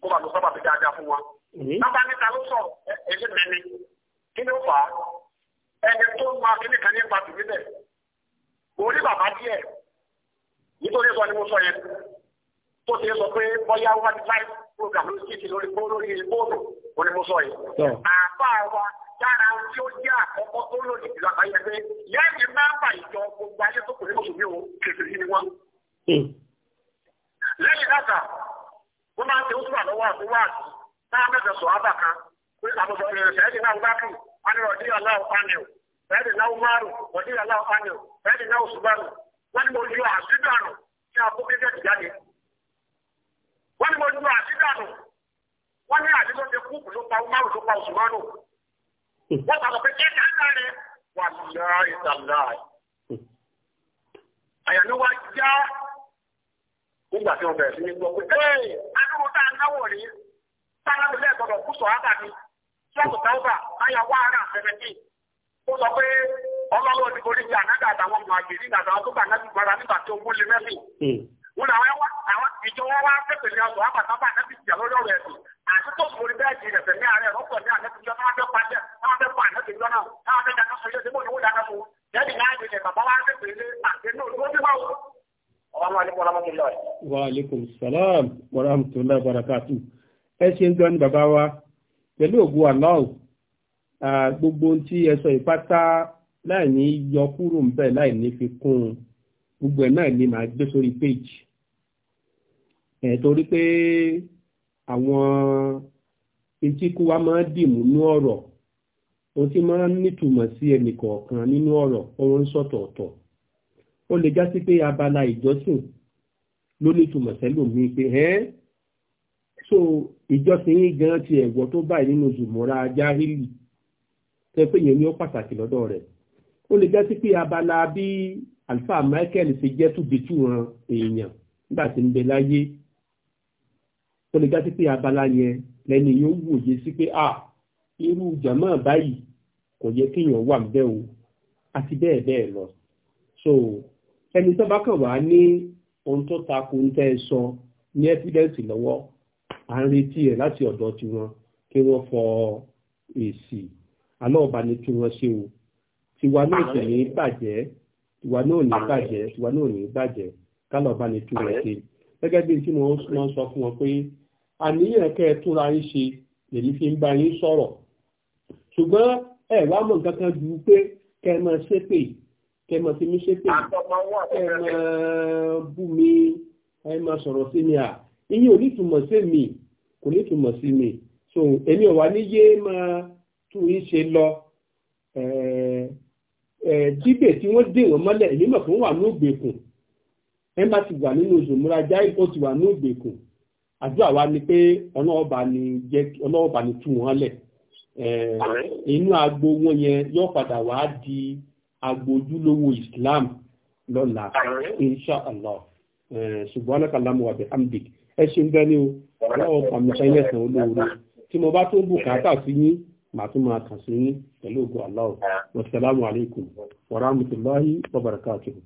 Speaker 1: kó bá tó sábà fi dáadáa fún wa. Mhm. Bàbá mi ta ló sọ̀rọ̀ ẹ̀ṣẹ̀ mẹ́ni. Kí ló fà á? Ẹni tó máa kí nìkan nípa tìbí bẹ̀. Orí bàbá díẹ̀ nítorí sọ ni mo sọ yẹn. Tó ti sọ pé bọ́yá wá ní láì program ló sì ti lórí lórí bóòlù ó ní mo sọ yìí. Àbá wa dára tí ó jẹ́ àkọ́kọ́ tó lòdì jù lágbàáyé pé yẹ́nì máa ń bà ìjọ gbogbo ayé tó kù ní mùsùlùmí o kèfèrí ni wọ́n. Hmm. Lẹ́yìn náà wọ́n máa ń ṣe oṣù àlọ́wọ́ àti wáàsí táwọn mẹ́jọ sọ kan pé àbùsọ̀ ìrìn ṣẹ́ẹ̀dì náà na kì ánìrò ọdí aláwọ̀ pánìl ṣẹ́ẹ̀dì náà umaru ọdí aláwọ̀ pánìl náà wọ́n mo yọ àṣídànù tí a kó kéjẹ́ ti jáde wọ́n mo yọ àṣídànù wọ́n ní àdínkù ti kú ló pa umaru ló pa usmanu wọ́n nígbà tí wọ́n bẹ̀rẹ̀ sí ní gbọ́ pé ẹ́ẹ̀ tá a náwó rí sára mi lẹ́ẹ̀gbọ́dọ̀ kú sọ̀ ábà mi sọ́ọ̀tù táwọ́bà ayà wá ara àfẹ́fẹ́tì ó sọ pé ọlọ́wọ́ ti borí ti ànágà àtàwọn ọmọ àgbèrè tó gbà náà nígbà mẹ́fì. Hmm. wọn ẹwà àwọn ìjọ wọn wá
Speaker 2: wa aleykum salaam wa wa ẹ ṣe ń gbọ́n bàbá wa pẹ̀lú ògùn aláwọ̀ gbogbo tí ẹ sọ ìpátá láì ní yọ kúrò ń láì ní fi kún gbogbo ẹ̀ náà ni màá gbé sórí ẹ̀ torí pé àwọn wa máa ń dìmú ní ọ̀rọ̀ máa ń nítumọ̀ sí ẹnì kọ̀ọ̀kan nínú ọ̀rọ̀ ọ̀rọ̀ ń sọ̀tọ̀ọ̀tọ̀ ó lè já sí pé abala ìjọsìn ló ní ìtumọ̀ sẹ́lòmíì pé ẹ́ so ìjọsìn yín gan ti ẹ̀gbọ́n tó báyìí nínú zùmọ́ra jáhìlì tẹ́ pé yẹn ni ó pàtàkì lọ́dọ̀ rẹ̀ ó lè já sí pé abala bí alfa Michael ṣe jẹ́ tùbítù ran èèyàn nígbà tí ń bẹ láyé ó lè já sí pé abala yẹn lẹ́ni yóò wòye sí pé ah irú jàmọ́ báyìí kò yẹ kéèyàn wà ń bẹ́ o àti bẹ́ẹ̀ bẹ́ẹ̀ lọ so ẹni tó bá kàn wá ní ohun tó takò ń tẹ́ ẹ sọ ní ẹ́fídẹ́ǹsì lọ́wọ́ à ń retí ẹ̀ láti ọ̀dọ̀ tiwọn kí wọ́n fọ èsì aláọ̀bá ni kí wọ́n ṣe o tiwa náà sì ní bàjẹ́ tiwa náà ní bàjẹ́ tiwa náà ní bàjẹ́ kálọ̀bá ni kí wọ́n ṣe gẹ́gẹ́ bí tí wọ́n sọ fún wọn pé àníyàn kẹ́ ẹ túnra yín ṣe lèmi fi ń bá yín sọ̀rọ̀ ṣùgbọ́n ẹ̀ wá mọ̀ nǹkan kan ju pé kẹ́ ẹ máa ṣépè kẹmọ fi mí ṣe pé kẹmọ bú mi ẹ sọ̀rọ̀ sí mi à iye ò ní túmọ̀ sí mi kò ní túmọ̀ sí mi so èmi ò wá ní yé máa tún yín ṣe lọ jíbẹ̀ tí wọ́n dè wọ́n mọ́lẹ̀ èmi mọ̀ fún wà ní ògbèkùn ẹ má ti wà nínú oṣù múra já ìkó ti wà ní ògbèkùn àdúrà wa ni pé ọlọ́ọ̀bà ni jẹ́ ọlọ́ọ̀bà wọn lẹ̀ inú agbo wọn yẹn yóò padà wá di agbójúlówó Islam lọ́la insha Allah ṣùgbọ́n alákàlámù àbẹ̀ amdik ẹ ṣe ń bẹ́ ní o ọlọ́wọ́ pàmìṣẹ́ ilẹ̀sàn olóore tí mo bá tó ń bùkátà sí yín màá tún máa kàn sí yín pẹ̀lú ògùn aláwọ̀ wasalaamu wa rahmatulahi wa barakatuhu.